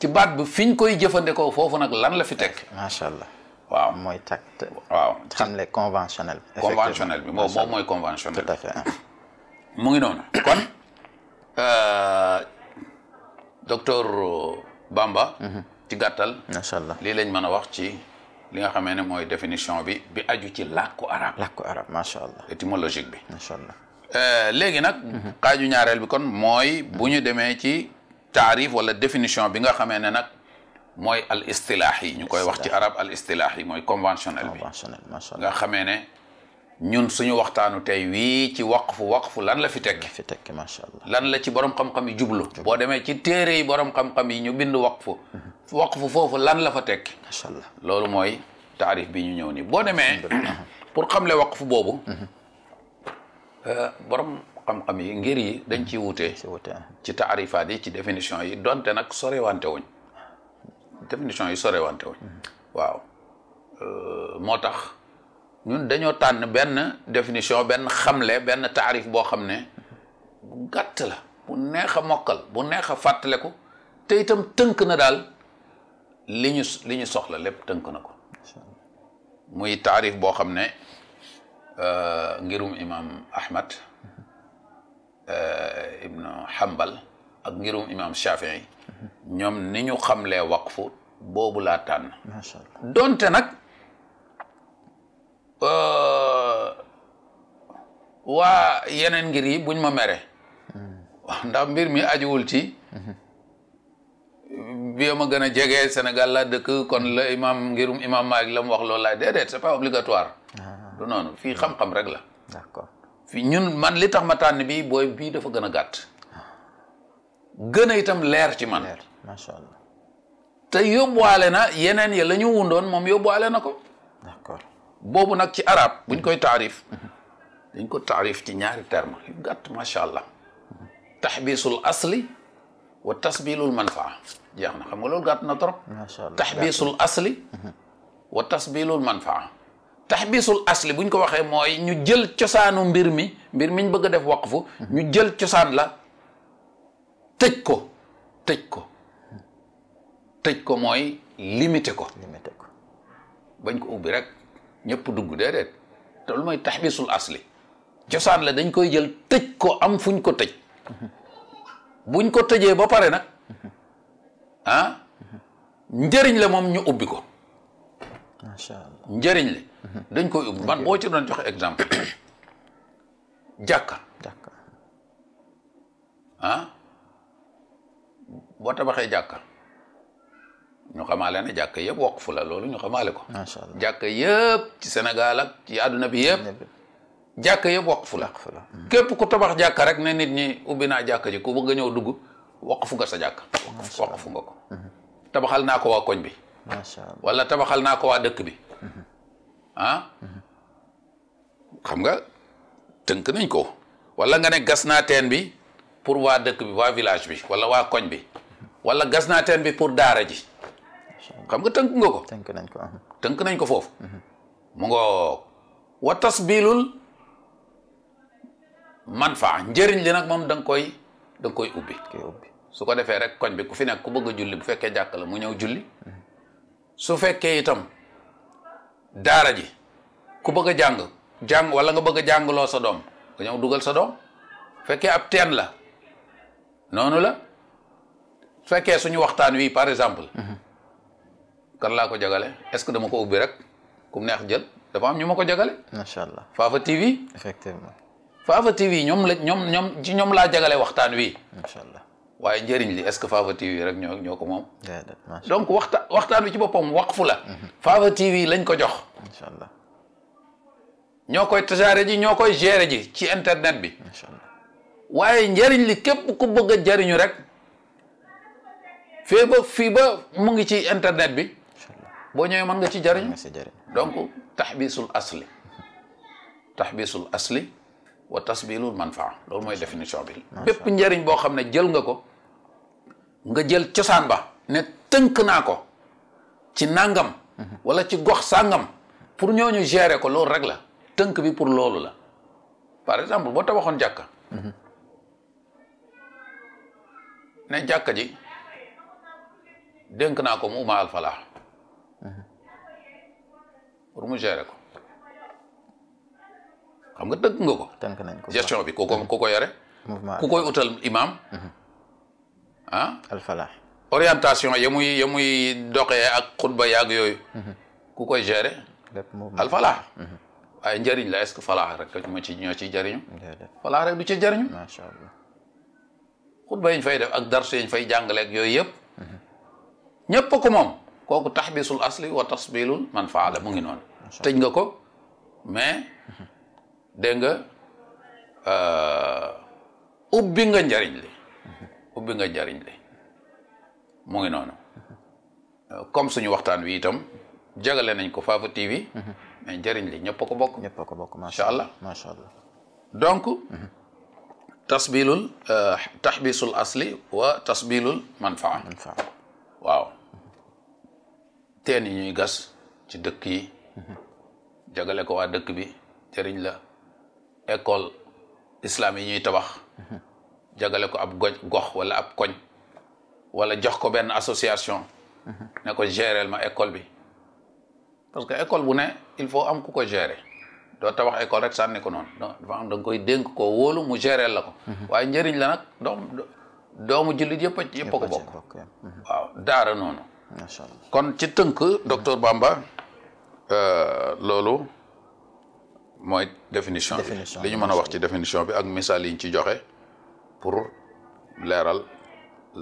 ci baat bi fi ñu koy jëfandikoo foofu nag lan la fi tekk macha allah waaw mooy tact waaw xam le conventionnel conventionnel bi moom moom mooy conventionnel tout à fait mu ngi noonu kon euh, docteur Bamba mm-hmm. ci gàttal macha allah lii lañ mën a wax ci li nga xamee ne mooy définition bi bi aju ci làkku arab làkku arab macha allah étymologique bi macha allah euh, léegi nag xaaju ñaareel bi kon mooy bu ñu demee ci taarif wala définition bi nga xamee ne nag mooy al istilaahi ñu koy wax ci arab al istilaahi mooy conventionnel bi nga xamee ñun suñu waxtaanu tey wii ci waqfu waqfu lan la fi tekki fi tekki macha lan la ci borom xam-xam yi jublu boo demee ci téere yi borom xam-xam yi ñu bind waqfu mhm. waqfu foofu lan la fa tekk macha allah loolu mooy taarif bi ñu ñëw nii boo demee pour xamle waqfu boobu mhm. euh, borom xam-xam yi ngir yi dañ ciy mhm. wutee ci taarifaat yi ci définition yi donte nag wante wuñ définition yi sorewante wuñ waaw euh, moo tax ñun dañoo tànn benn définition benn xamle benn taarif boo xam ne bu gàtt la bu neex a mokkal bu neex a ko te itam tënk na daal li ñu li ñu soxla lépp tënk na ko muy taarif boo xam ne euh, ngirum imam ahmad euh, ibnu hambal ak ngirum imam shafii ñoom ni ñu xamlee waqfu boobu laa tànn donte nag waa yeneen ngir yi buñ ma mere ndax mbir mi ajuwul ci bii ma gën a jege Sénégal laa dëkk kon la imam ngirum imam Malik la mu wax loolu laay déedéet pas obligatoire ah. du noonu fii xam-xam rek la d'accord fii ñun man li tax ma tànn bi booy bii dafa gën a gàtt gën a itam leer ci man leer macha na yeneen ya la wundoon moom yóbbuwaale na ko boobu nag ci arab buñ koy taarif dañ ko taarif ci ñaari terme yu gàtt macha allah taxbiisul asli wa tasbilul manfaa jeex na xam nga loolu gàtt na trop taxbiisul asli wa tasbilul manfaa taxbiisul asli buñ ko waxee mooy ñu jël cosaanu mbir mi mbir miñ bëgg a def waqfu ñu jël cosaan la tëj ko tëj ko tëj ko mooy limité ko limité ko bañ ko ubbi rek ñëpp dugg déedéet te lu mooy taxbisul asli cosaan la dañ koy jël tëj ko am fuñ ko tëj buñ ko tëjee ba pare nag ah njëriñ la moom ñu ubbi ko macha njëriñ la dañ koy ubbi man boo ci doon joxe exemple jàkka jàkka ah boo tabaxee jàkka ñu xamaale ne jàkk yëpp waqfu la loolu ñu xamaale ko. macha allah jàkk ci Sénégal ak ci àdduna bi yëpp. jàkk yëpp waqfu la. Mm. képp ku tabax jàkka rek ne nit ñi ubbi naa jàkk ji ku bëgg a ñëw dugg fu nga sa jàkk. waqfu nga ko. Mm-hmm. tabaxal naa ko waa koñ bi. macha wala tabaxal naa ko waa dëkk bi. Mm-hmm. ah. Mm-hmm. xam nga tënk nañ ko. wala nga ne gas naa teen bi pour waa dëkk bi waa village bi wala waa koñ bi. wala gas naa teen bi pour daara ji. xam nga tënk nga ko. tënk nañ ko uh-huh. tënk nañ ko foofu. Uh-huh. mu ngoog wa tasbilul manfaa njëriñ li nag moom danga koy da koy ubbi. su ko defee rek koñ bi ku fi nekk ku bëgg a julli bu fekkee jàkk la mu ñëw julli. Uh-huh. su fekkee itam daara ji ku bëgg a jàng jàng wala nga bëgg a jàngloo sa doom nga dugal sa doom fekkee ab teen la noonu la fekkee suñu waxtaan wi par exemple. kan laa ko jagale est-ce que dama ko ubbi rek ku neex jël dafa am ñu ma ko jagale. macha allah Fafa TV. effectivement Fafa TV ñoom la ñoom ñoom ci ñoom laa jagale waxtaan wi. macha allah waaye njëriñ li est-ce que Fafa TV rek ñoo ñoo ko moom. donc waxta waxtaan wi ci boppam waqfu la. Mhm. Fafa TV lañ ko jox. macha allah ñoo koy tasaare ji ñoo koy gérer ji ci internet bi. macha allah waaye njëriñ li képp ku bëgg a rek. fii fii ba mu ngi ci internet bi. boo ñëwee man nga ci jariñ donc taxbisul asli taxbisul asli wa tasbilul manfaa loolu mooy définition bi bépp njariñ boo xam ne jël nga ko nga jël cosaan ba ne tënk naa ko ci nangam mhm. wala ci gox sàngam pour ñooñu gere ko loolu rek la tënk bi pour loolu la par exemple boo tabaxoon jàkka mhm. ne jàkka ji dénk naa ko mu uma alfalaax pour mu gérer ko xam nga tënk nga ko. tënk nañ gestion bi ku ko ku ko yore. ku koy utal imam. Mhm. ah. alfalaax orientation ya muy ya ak xutba yaag yooyu. Mhm. ku koy gérer. lépp mouvement alfalaax. Mhm. waaye njëriñ la est que falaax rek ma ci ñoo ciy jëriñu. falaax rek du ci jëriñu. macha allah xutba yi ñu fay def ak darsu yi ñu fay jàngaleeg yooyu yëpp. ñëpp ko moom. kooku taxbisul asli wa tasbilul man faala mu ngi noonu tëj nga ko mais dégg nga euh, ubbi nga njariñ li ubbi nga njariñ li mu ngi noonu comme suñu waxtaan wi itam jagale nañ ko Fafa TV mais njariñ li ñëpp ko bokk ñëpp ko bokk macha allah macha allah donc mhm. tasbilul euh, taxbisul asli wa tasbilul manfaa manfaa waaw teen yi ñuy gas ci dëkk yi jagale ko waa dëkk bi jëriñ la école islam yi ñuy tabax jagale ko ab goj gox wala ab koñ wala jox ko benn association ne ko géreel ma école bi parce que école bu ne il faut am ku ko gere doo tabax école rek sànni ko noonu donc koy dénk ko wóolu mu géreel la ko waaye njëriñ la nag doom doomu jullit yëpp ko bokk waaw daara noonu macha allah kon ci tënk docteur Bamba euh, loolu mooy définition bi li ñu mën a wax ci définition bi ak misaal yi ñu ci joxe pour leeral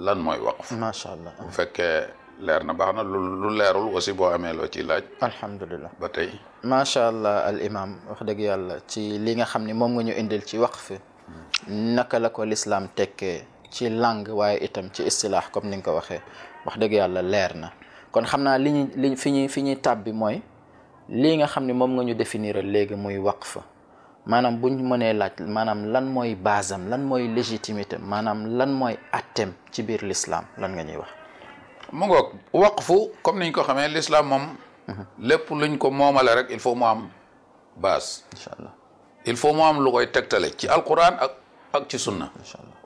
lan mooy waqf. macha allah bu fekkee leer na baax na lu lu leerul aussi boo amee loo ciy laaj. alhamdulilah ba tey. macha allah al imam wax dëgg yàlla ci li nga xam ni moom nga ñu indil ci waqf naka la ko lislaam tekkee ci langue waaye itam ci istilaax comme ni nga ko waxee. wax dëgg yàlla leer na kon xam naa li li fi ñuy fi ñuy tàbbi mooy lii nga xam ne moom nga ñu définir léegi muy fa maanaam buñ mënee laaj maanaam lan mooy basam lan mooy légitimité maanaam lan mooy attem ci biir l'islam lan nga ñuy wax mu ngoog fu comme niñ ko xamee l'islam moom mhm. lépp luñ ko moomale rek il faut mu am base incha il faut mu am lu koy tegtale ci alquran ak ak ci sunna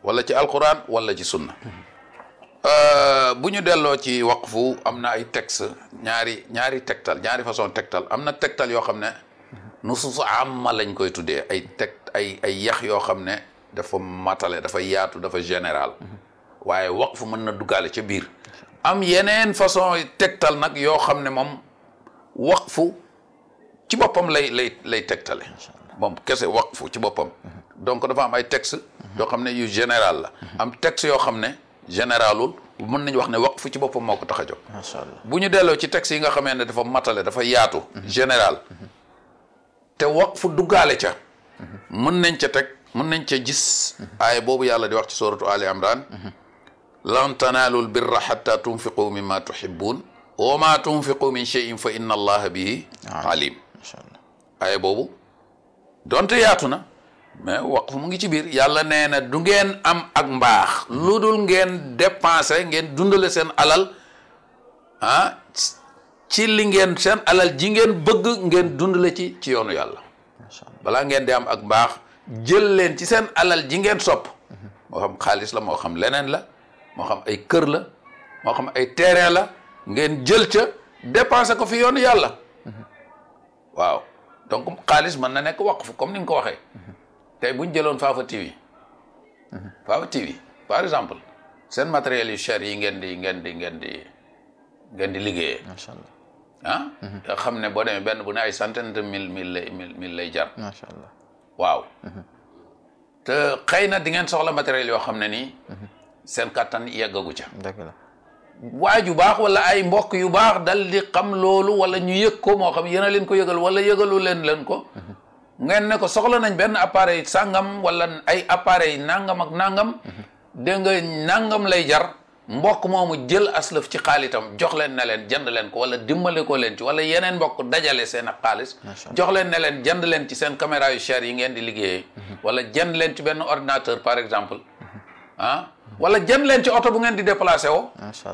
wala ci alquran wala ci sunna mhm. Euh, bu ñu delloo ci waqfu am na ay texte ñaari ñaari tegtal ñaari façon tegtal am na tegtal yoo xam ne nusus amma lañ koy tuddee ay teg ay ay yax yoo xam ne dafa matale dafa yaatu dafa général waaye waqfu mën na duggaale ci biir am yeneen façon tegtal nag yoo xam ne moom waqfu ci boppam lay lay lay tegtale moom kese waqfu ci boppam mm-hmm. donc dafa am ay texte yoo xam ne yu général la mm-hmm. am texte yoo xam ne généralul mën nañu wax ne waqfu ci boppam moo ko tax a jóg. macha allah bu ñu delloo ci texte yi nga xamee ne dafa matale dafa yaatu. Mhm. général. Mhm. te waqfu duggaale ca. Mhm. mën nañ ca teg mën nañ ca gis. aaya boobu yàlla di wax ci sooratu Ali Imran. lan tanaalul birra xatta tunfiqu mimma tuhibbun wa ma tunfiqu min cheyin fa inna allaha bihi alim. boobu donte yaatu na. mais waqf mu ngi ci biir yàlla nee na du ngeen am ak mbaax lu dul ngeen dépenser ngeen dundale seen alal ah ci li ngeen seen alal ji ngeen bëgg ngeen dund dundale ci ci yoonu yàlla balaa ngeen di am ak mbaax jël leen ci seen alal ji ngeen sopp mhm. moo xam xaalis la moo xam leneen la moo xam ay kër la moo xam ay terrain la ngeen jël ca dépenser ko fi yoonu yàlla mhm. waaw donc xaalis mën na nekk waqf comme ni nga ko waxee mhm. te bu ñu jëloon Fafa TV. Fafa TV par exemple seen matériel yu cher yi ngeen di ngeen di ngeen di ngeen di liggéeyee. macha allah ah. Mhm. nga xam ne boo demee benn bu ne ay centaine de mille mille lay mille lay jar. macha allah waaw. Mhm. te xëy na di ngeen soxla matériel yoo xam ne nii. Mhm. seen kattan yeggagu ca. dëgg waa yu baax wala ay mbokk yu baax dal di xam loolu wala ñu yëg ko moo xam yéen leen ko yëgal wala yëgalu leen leen ko. ngeen ne ko soxla nañ benn appareil sangam wala ay appareil nangam ak nangam. dégg nga nangam lay jar. mbokk moomu jël aslaf ci xaalitam jox leen ne leen jënd leen ko wala dimbale ko leen ci wala yeneen mbokk dajale seen ab xaalis. jox leen ne leen jënd leen ci seen caméra yu cher yi ngeen di liggéeyee. Mhm. wala jënd leen ci benn ordinateur par exemple. ah wala jënd leen ci oto bu ngeen di déplacé woo. macha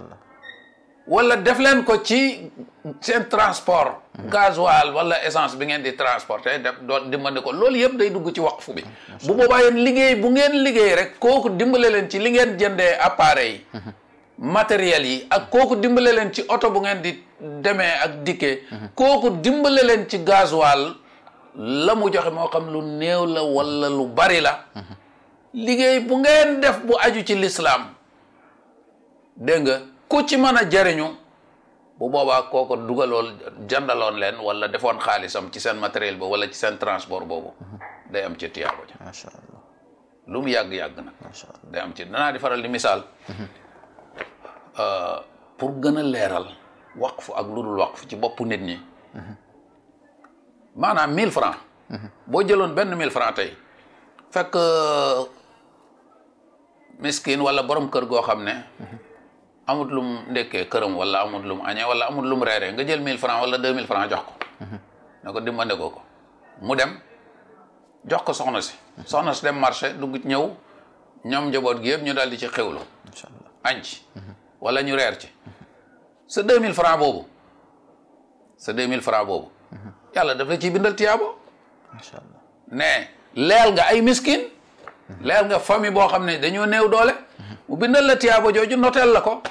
allah def leen ko ci seen transport gasoil wala essence bi ngeen di transporter eh, da doon dimbali ko loolu yëpp day dugg ci waqfu bi bu boobaa yéen liggéey bu ngeen liggéey rek kooku dimbale leen ci li ngeen jëndee appareil yi mhm. matériels yi ak kooku dimbale leen ci oto bu ngeen di demee ak dikkee mhm. kooku dimbale leen ci gasoil la mu joxe moo xam lu néew la wala lu bari la mhm. liggéey bu ngeen def bu aju ci lislaam dégg nga ku ci mën a jariñu bu boobaa kooku dugaloon jandaloon leen wala defoon xaalisam ci seen matériel ba wala ci seen transport boobu day am ci tiyaabo ja macha allah lu mu yàgg-yàgg nag day am ci danaa di faral di misaal euh, pour gën a leeral waqfu ak lu dul waqfu ci boppu nit ñi maanaam mille francs boo jëloon benn mille francs tey fekk euh, miskin wala borom kër goo xam ne amut lum ndekkee këram wala amut lum añee wala amut lum reeree nga jël 1000 francs wala 2000 francs jox ko mhm. ne ko dimbale ko ko mu dem jox ko soxna si mhm. soxna si dem marché dugg ñëw ñoom njaboot gi yëpp ñu daal di ci xewlu añ ci mhm. wala ñu reer ci sa 2000 mille boobu boobu yàlla daf la ciy bindal tiyaabo ne leel nga ay miskin Mhm. leer nga famille boo xam ne dañoo new doole mhm. mu bindal la tiyaabo jooju noteel la ko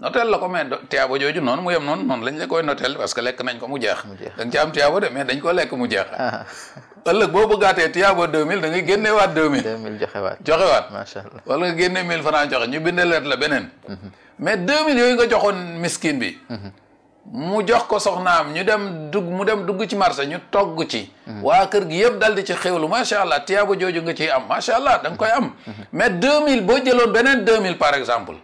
noteel la ko mais tiyaabo jooju noonu mu yem noonu noonu lañ la koy noteel parce que lekk nañ ko mu jeex da nga ci am tiyaabo de mais dañ ko lekk mu jeex ah. ëllëg boo bëggaatee tiyaabo deux mille da ngay génneewaat deux mille deux mille joxewaat joxewaat macha allah wala nga génne mille franc joxe ñu bindaleet la beneen mhm. mais deux mille yooyu nga joxoon miskin bi mu jox ko am ñu dem dugg mu dem dugg ci marché ñu togg ci waa kër gi yëpp dal di ci xéwlu macha allah tiyaaba jooju nga ciy am macha allah da koy am mais deux mille boo jëloon beneen deux mille par exemple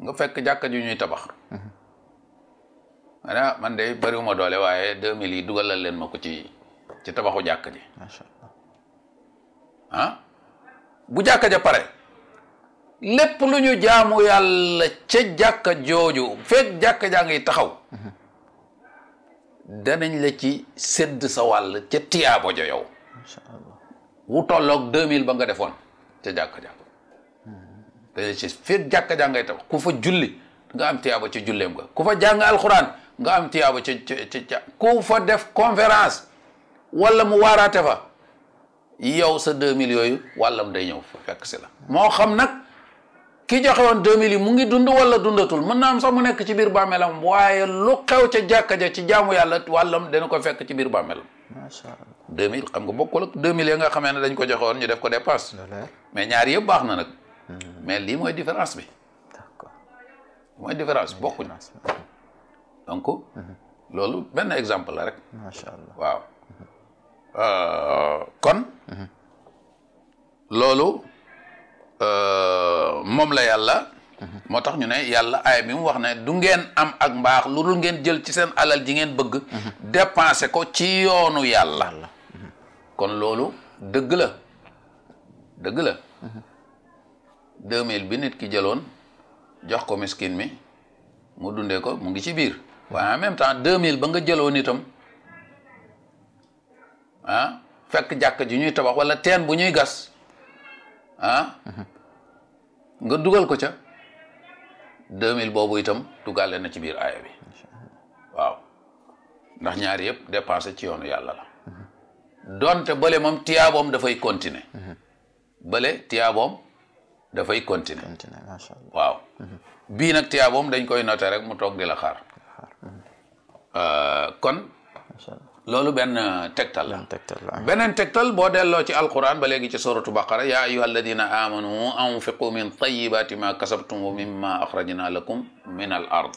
nga fekk jàkka ju ñuy tabax mana man de bëriwuma doole waaye deux mille yi dugalal leen ma ko ci ci tabaxu jàkk ji macha ah bu jàkka ja pare lépp lu ñu jaamu yàlla ca jàkka jooju fekk jàkka jaa ngi taxaw danañ la ci sedd sa wàll ca tiyaabo ja yow wu tollook deux mille ba nga defoon ca jàkka ja dañu ci fekk jàkka taxaw ku fa julli nga am tiyaabo ca julleem nga ku fa jàng alxuraan nga am tiyaabo ca ku fa def conférence wala mu waaraate fa yow sa deux mille yooyu wàllam day ñëw fekk si la moo xam nag ki joxe woon deux yi mu ngi dund wala dundatul mën naa am sax mu nekk ci biir bàmmeelam waaye lu xew ca jàkka ja ci jaamu yàlla wàllam dana ko fekk ci biir bàmmeelam. macha allah deux xam nga bokkul ak deux mille ya nga xamee ne dañ ko joxe woon ñu def ko dépasse. mais ñaar yëpp baax na nag. Hmm. mais lii mooy différence bi. d'accord mooy différence bokkuñ. donc. Hmm. loolu benn exemple rek. macha allah waaw. Euh, hmm. loolu. Euh, moom la yàlla moo tax ñu ne yàlla aay bi mu wax ne du ngeen am ak mbaax lu dul ngeen jël ci seen alal ji ngeen bëgg dépensé ko ci yoonu yàlla kon loolu dëgg la dëgg la deux mille bi nit ki jëloon jox ko miskin mi mu dundee ko mu ngi ci biir waa en même temps deux mille ba nga jëloon itam ah fekk jàkk ji ñuy tabax wala teen bu ñuy gas ah nga dugal ko ca deux mille boobu itam dugaale na ci biir aaya bi waaw ndax ñaari yëpp dépassé ci yoonu yàlla la donte bële moom tiyaaboom dafay continuer bële tiyaaboom dafay continuer waaw bii nag tiyaaboom dañ koy noté rek mu toog di la xaar euh, kon loolu euh, benn tegtal la beneen tegtal boo delloo ci alquran ba léegi ci suratu baqara ya ayuha alladina amanu anfiqu min tayibati ma kasabtum wa mimma axrajna lakum min al ard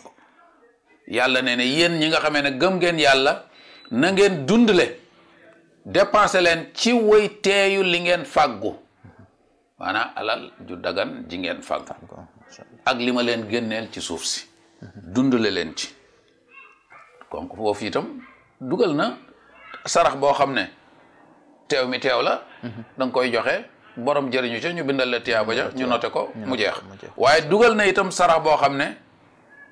yàlla ne ne yéen ñi nga xamee ne gëm ngeen yàlla na ngeen dundle dépensé leen ci way teeyu li ngeen fàggu maanaam alal ju dagan ji ngeen fàggu ak li ma leen génneel ci suuf si mhm. dundle leen ci kon foofu itam dugal na sarax boo xam ne teew mi teew la da koy joxe borom jëriñu ca ñu bindal la tiyaaba ja ñu note ko mu jeex waaye dugal na itam sarax boo xam ne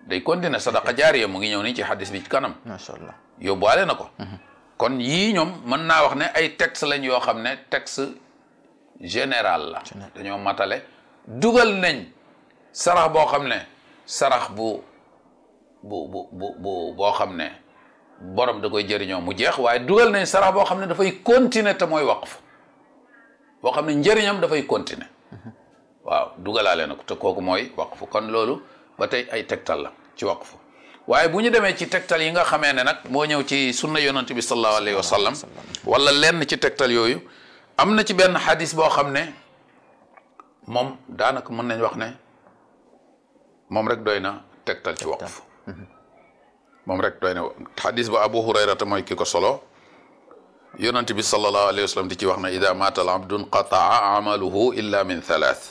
day continuer sadaqa jaariya mu ngi ñëw ni ci xadis bi ci kanam macha allah yóbbuwaale na ko kon yii ñoom mën naa wax ne ay texte lañ yoo xam ne texte général dañoo matale dugal nañ sarax boo xam ne sarax bu boo xam ne borom da koy jëriñoo mu jeex waaye dugal nañ sarax boo xam ne dafay continuer te mooy fu boo xam ne njëriñam dafay continuer waaw dugalaale na ko te kooku mooy fu kon loolu ba tey ay tegtal la ci waqfu waaye bu ñu demee ci tegtal yi nga xamee ne nag moo ñëw ci sunna yonent bi sallallahu alayhi wa sallam wala lenn ci tegtal yooyu am na ci benn xadis boo xam ne moom daanaka mën nañ wax ne moom rek doy na tegtal ci waqfu moom rek doy na xadis ba abu hurayrata mooy ki ko solo yonent bi sallallahu alayhi wa sallam di ci wax na ida maata al abdun qataa amaluhu illa min thalath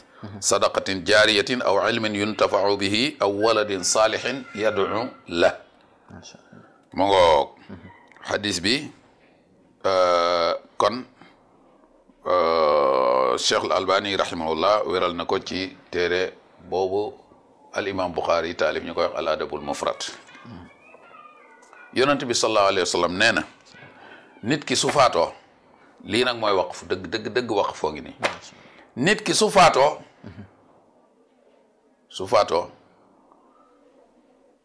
sadaqatin jaariyatin aw ilmin yuntafau bihi aw waladin saalihin yad'u la mu ngoog xadis bi kon cheikh al albani rahimahullah wéral na ko ci téere boobu al imam buxaari taalif ñu koy wax al adabul mufrad yonent bi sallallahu alayhi wa sallam nee na nit ki su faatoo lii nag mooy waqf dëgg dëgg dëgg waqf foo gi nii nit ki su faatoo su faatoo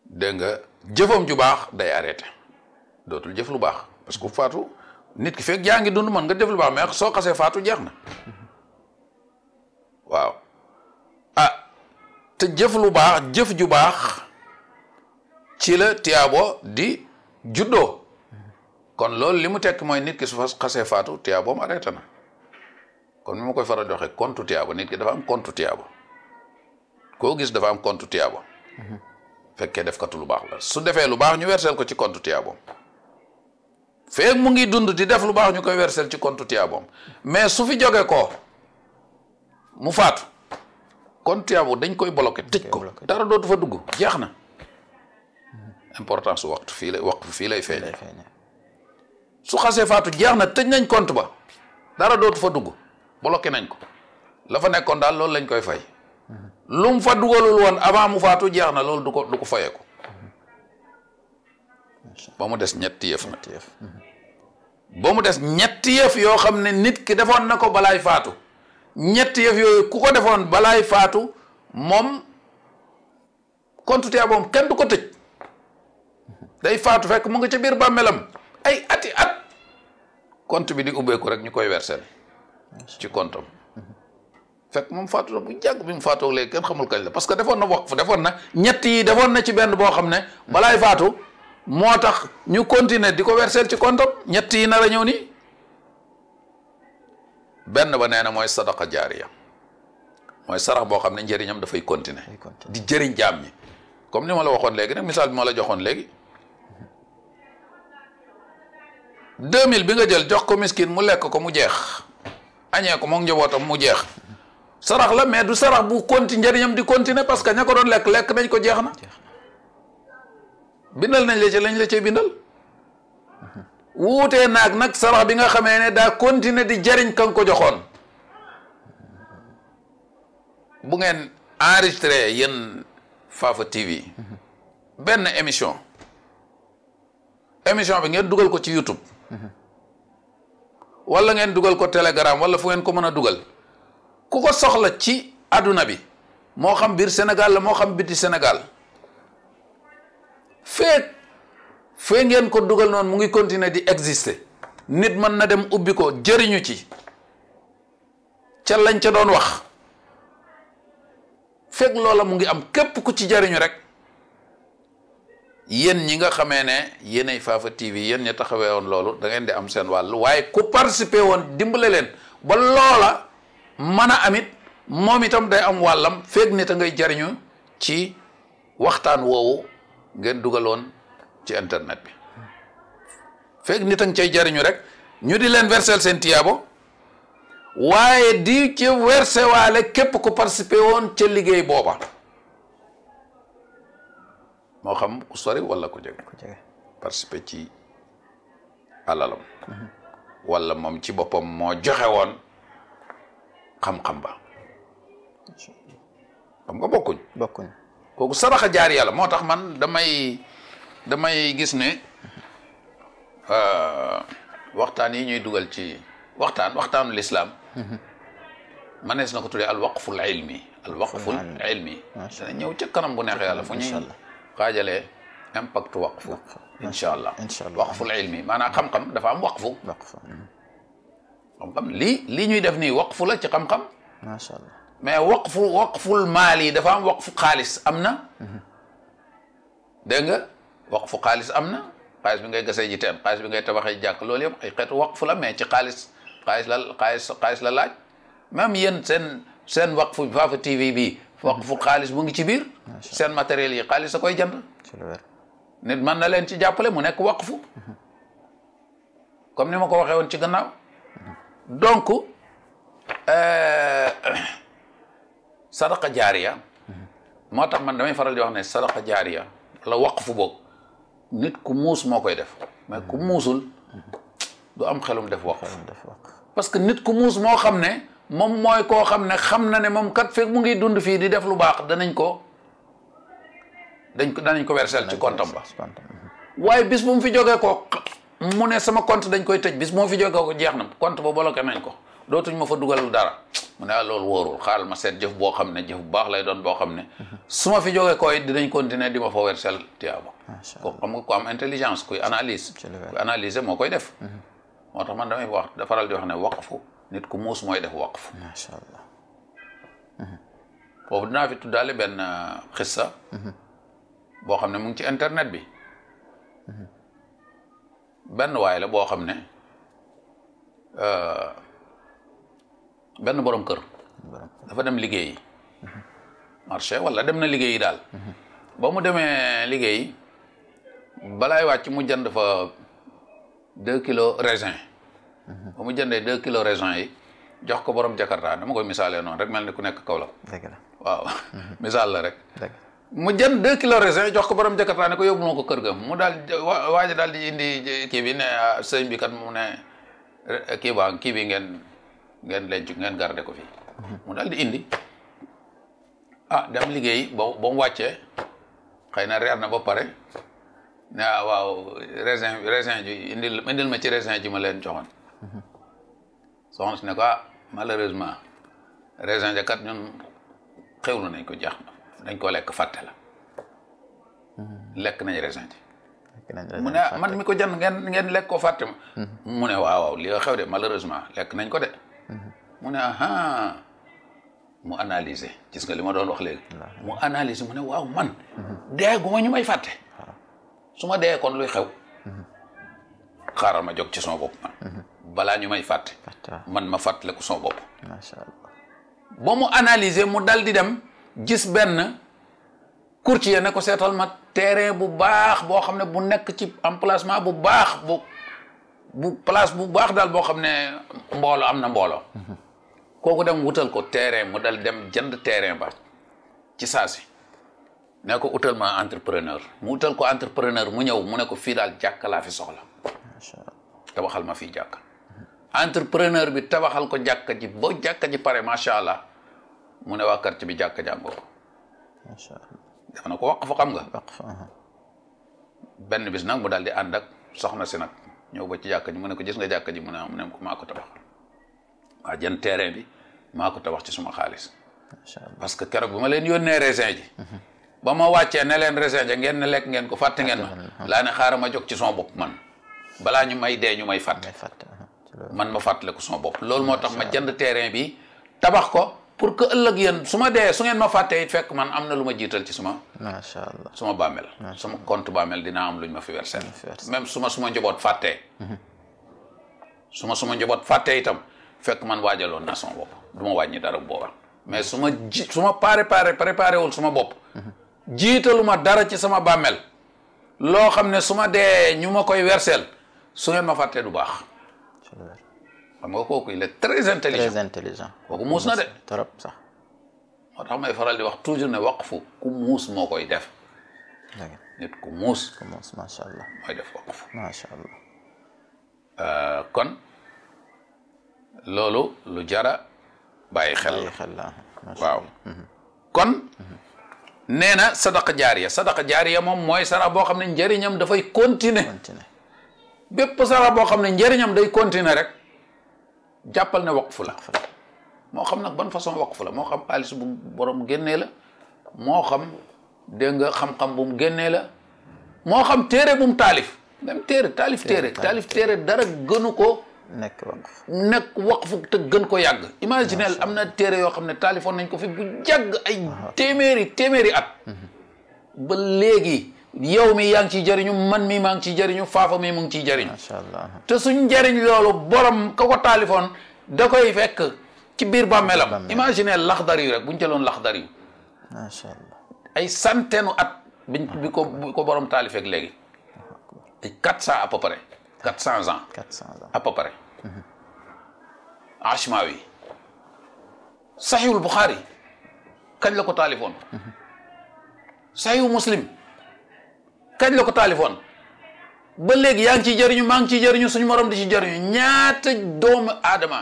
dégg jëfam ju baax day arrêté dootul jëf lu baax parce que faatu nit ki fekk yaa ngi dund mën nga def lu baax mais soo xasee faatu jeex na waaw ah te jëf lu baax jëf ju baax ci la tiyaabo di juddoo kon loolu li mu tekk mooy nit ki su fa xasee faatu tiyaaboom arrêté na kon ni ma koy faral di waxee kontu tiyaabo nit ki dafa am kontu tiyaabo koo gis dafa am kontu tiyaabo fekkee def katu lu baax su defee lu baax ñu werseel ko ci kontu tiyaaboom fee mu ngi dund di def lu baax ñu koy werseel ci kontu tiyaaboom mais su fi jogee ko mu faatu kontu tiyaabo dañ koy bloqué tëj ko dara dootu fa dugg jeex na importance su waxtu fii lay waqf fii lay feeñee su xasee faatu jeex na tëj nañ compte ba dara dootu fa dugg bloqué nañ ko la fa nekkoon daal loolu lañ koy fay mhm. lu mu fa dugalul woon avant mu faatu jeex na loolu du ko du ko fayeeku mhm. ba mu des ñetti yëf mhm. ba mu des ñetti yëf yoo xam ne nit ki defoon na ko balaay faatu ñetti yëf yooyu ku ko defoon balaay faatu moom compte tiyaabam kenn du ko tëj day faatu fekk mu nga ca biir bàmmeelam ay ati at compte bi di ubbeeku rek ñu koy versel ci compte am moom faatu na bu jàgg bi mu faatoo léegi kenn xamul kañ la parce que defoon na waqf defoon na ñett yi defoon na ci benn boo xam ne balaay faatu moo tax ñu continuer di ko versel ci compte am a ñëw nii benn ba nee na mooy sadaqa jaariya mooy sarax boo xam ne njëriñam dafay continuer di jëriñ jaam ñi comme ni ma la waxoon léegi nag misaal bi ma la joxoon léegi deux mille bi nga jël jox ko miskin mu lekk ko mu jeex añee ko moom njabootam mu jeex sarax la mais du sarax bu conti njëriñam di continuer parce que ña ko doon lekk lekk nañ ko jeex na bindal nañ la lañ la cee bindal wuutee naag nag sarax bi nga xamee ne daa continuer di jariñ kan ko joxoon bu ngeen enregistré yéen Fafa TV benn émission émission bi ngeen dugal ko ci YouTube wala ngeen dugal ko telegram wala fu ngeen ko mën a dugal ku ko soxla ci àdduna bi moo xam biir Sénégal la moo xam biti Sénégal feek fee ngeen ko dugal noonu mu ngi continuer di exister nit mën na dem ubbi ko jëriñu ci ca lañ ca doon wax feek loola mu ngi am képp ku ci jëriñu rek yéen ñi nga xamee ne yéenay Fafa TV yéen ña taxawee woon loolu da di am seen wàll waaye ku participer woon dimbale leen ba loola mën a amit moom itam day am wàllam feeg nit a ngay jariñu ci waxtaan woowu ngeen dugaloon ci internet bi feeg nit a nga cay jariñu rek ñu di leen versel seen tiyaabo waaye di ci versewaale képp ku participer woon ca liggéey booba moo xam ku sori wala ku jege participer ci alalam wala moom ci boppam moo joxe woon xam-xam ba xam nga bokkuñ bokkuñ kooku saraxa jaar yàlla moo tax man damay damay gis ne euh, waxtaan yi ñuy dugal ci waxtaan waxtaanu lislaam manees na ko tuddee al waqful ilmi al waqful ilmi dana ñëw ci kanam bu neexee yàlla fu ñuy xaajalee impact waqfu incha allah incha allah waqful ilmi maanaam dafa am waqfu mm. xam-xam lii lii ñuy def nii waqfu la ci xam-xam macha allah mais waqfu waqful maal dafa am waqfu xaalis am na mm-hmm. dégg nga waqfu xaalis am na xaalis bi ngay gasee ji teen xaalis bi ngay tabaxee jàkk loolu yëpp ay xeetu waqfu la mais ci xaalis xaalis la xaalis xaalis la laaj même yéen seen seen waqfu Fafa TV bi waqfu xaalis mu ngi ci biir. seen matériel yi xaalis da koy jënd. nit man na leen ci jàppale mu nekk waqfu. comme ni ma ko waxee woon ci gannaaw. donc euh, sadaqa jaariya. moo tax man may faral di wax ne sadaqa jaariya la waqfu boog nit ku muus moo koy def mais ku muusul du am xelum def waqfu. parce que nit ku moo xam ne. moom mooy koo xam ne xam na ne moom kat fekk mu ngi dund fii di def lu baax danañ ko dañ ko danañ ko wersel ci compte am ba waaye bis bu mu fi jógee ko mu ne sama compte dañ koy tëj bis moo fi jógee ko jeex na compte ba bloqué nañ ko dootuñ ma fa dugal dara mu ne ah, loolu wóorul xaaral ma seet jëf boo xam ne jëf bu baax lay doon boo xam ne su ma fi jógee ko it dinañ continuer di ma fa wersel tiyaaba ko xam nga ku am intelligence kuy analyse kuy analyser moo koy def mhm. moo tax man damay wax dafaral di wax ne waqfu nit ku muus mooy def waqf. macha allah. Mhm. foofu dinaa fi benn euh, xissa. Mhm. boo xam ne mu ngi ci internet bi. Mhm. benn waay la boo xam ne euh, benn borom kër. dafa dem liggéeyi. marché wala dem na liggéeyi daal. ba mu demee liggéeyi balaay wàcc mu jënd fa deux kilo raisin. ba mu jëndee de kilos raisins yi jox ko borom Jakarta dama koy misaalee noonu rek mel ne ku nekk Kaolack. dëgg la waaw mhm. la rek. mu jënd deux kilos raisin jox ko borom Jakarta ne ko yóbbu ma ko kër ga mu daal waa ji daal di indi kii bi ne ah, sëñ bi kat mu ne eh, kii ba kii bi ngeen ngeen denc ngeen garder ko fii. Mhm. mu daal di indi a ah, dem liggéey ba ba mu wàccee xëy na reer na ba pare ne ah, waaw raisin raisin ji indil indil ma ci raisin ji ma leen joxoon. soxna si ne ko ah, malheureusement raisin ja kat ñun xewlu nañ ko jeex dañ ko lekk fàtte lekk nañ raisin ji mu ne ah, man mi ko jënd ngeen ngeen lekk ko fàtte hmm. mu ne waaw waaw li nga xew de malheureusement lekk nañ ko de hmm. mu ne aha mu analyser gis nga li ma doon wax léegi mu analyser mu ne waaw man dee gu ma ma dee kon luy xew hmm. xaaral ma jog ci sama bopp man balaa ñu may fàtte man ma fàttaliku sama bopp macha allah mu analyser mu dal di dem gis benn courtier ne ko seetal ma terrain bu baax boo xam ne bu nekk ci emplacement bu baax bu bu place bu baax daal boo xam ne mbooloo am na mbooloo kooku dem wutal ko terrain mu dal dem jënd terrain ba ci saasi ne ko utal ma entrepreneur mu utal ko entrepreneur mu ñëw mu ne ko fii daal jàkk laa fi soxla tabaxal ma fii jàkk entrepreneur bi tabaxal ko jàkka ji boo ji pare macha allah mu ne waa bi jàkka jàngoo macha allah def na ko xam nga benn bis nag mu daal di ànd ak soxna si nag ñëw ba ci jàkka ji mu ne ko gis nga jàkka ji mu ne mu ne ko maa ko tabax waa jën terrain bi maa ko tabax ci suma xaalis parce que keroog bi ma leen yónnee raisin ji ba ma wàccee ne leen raisin ji ngeen ne lekk ngeen ko fàtte ngeen ma laa ne xaaral ma jóg ci son bopp man balaa ñu may dee ñu may fàtte man ma fàttaliku sama bopp loolu moo tax ma jënd terrain bi tabax ko pour que ëllëg yéen su ma dee su ngeen ma fàttee it fekk man am na lu ma jiital ci suma macha suma bàmmeel suma compte bàmmeel dinaa am lu ma fi versé même su ma mhm. su ma njaboot fàttee su su ma njaboot fàttee itam fekk man waajaloon naa sama bopp du ma wàññi dara booba mais su ma ji su ma préparé préparé wul suma bopp mhm. jiitaluma dara ci sama bàmmeel loo xam ne su ma dee ñu ma koy wersel su ngeen ma fàttee du baax xam nga kooku il est très intelligent kooku muus na de. trop sax. moo tax may faral di wax toujours ne waqfu ku muus moo koy def. nit ku muus. ku muus macha allah. mooy def waqfu. macha allah. Euh, kon loolu lu jara bàyyi xel. xel la waaw. Mhm. kon. Mhm. nee na sadaqa jaariya sadaqa jaariya moom mooy sarax boo xam ne njariñam dafay continue bépp sarax boo xam ne njariñam day continuer rek jàppal ne waqfu la moo xam nag ban façon fu la moo xam xaalis bu borom génnee la moo xam dégg nga xam-xam bu mu génnee la moo xam téere bu mu taalif téere taalif téere taalif téere dara gënu ko nekk waqf nekk waqfu te gën ko yàgg imaginel am na téere yoo xam ne taalifoon nañ ko fi bu jàgg ay téeméeri téeméeri at mhm. ba léegi yow mi yaa ngi ciy jëriñu man mi maa ngi ciy jëriñu faafa mi mu ngi ciy jëriñu macha allah te suñ jëriñ loolu borom ka ko taalifoon da koy fekk ci biir bàmmeelam imagine laxdar yu rek buñ jëloon laxdar yu macha allah ay centaine at biñ bi ko borom taalifeeg léegi ay quatre cent à peu près cent ans quatre cent ans à peu près Ashmawi Sahihul Bukhari kañ la ko taalifoon mhm. Sahihu Muslim kañ la ko taalifoon ba léegi yaa ngi ciy jariñu maa ngi ciy jëriñu suñu morom di ci jariñu ñaata doomu aadama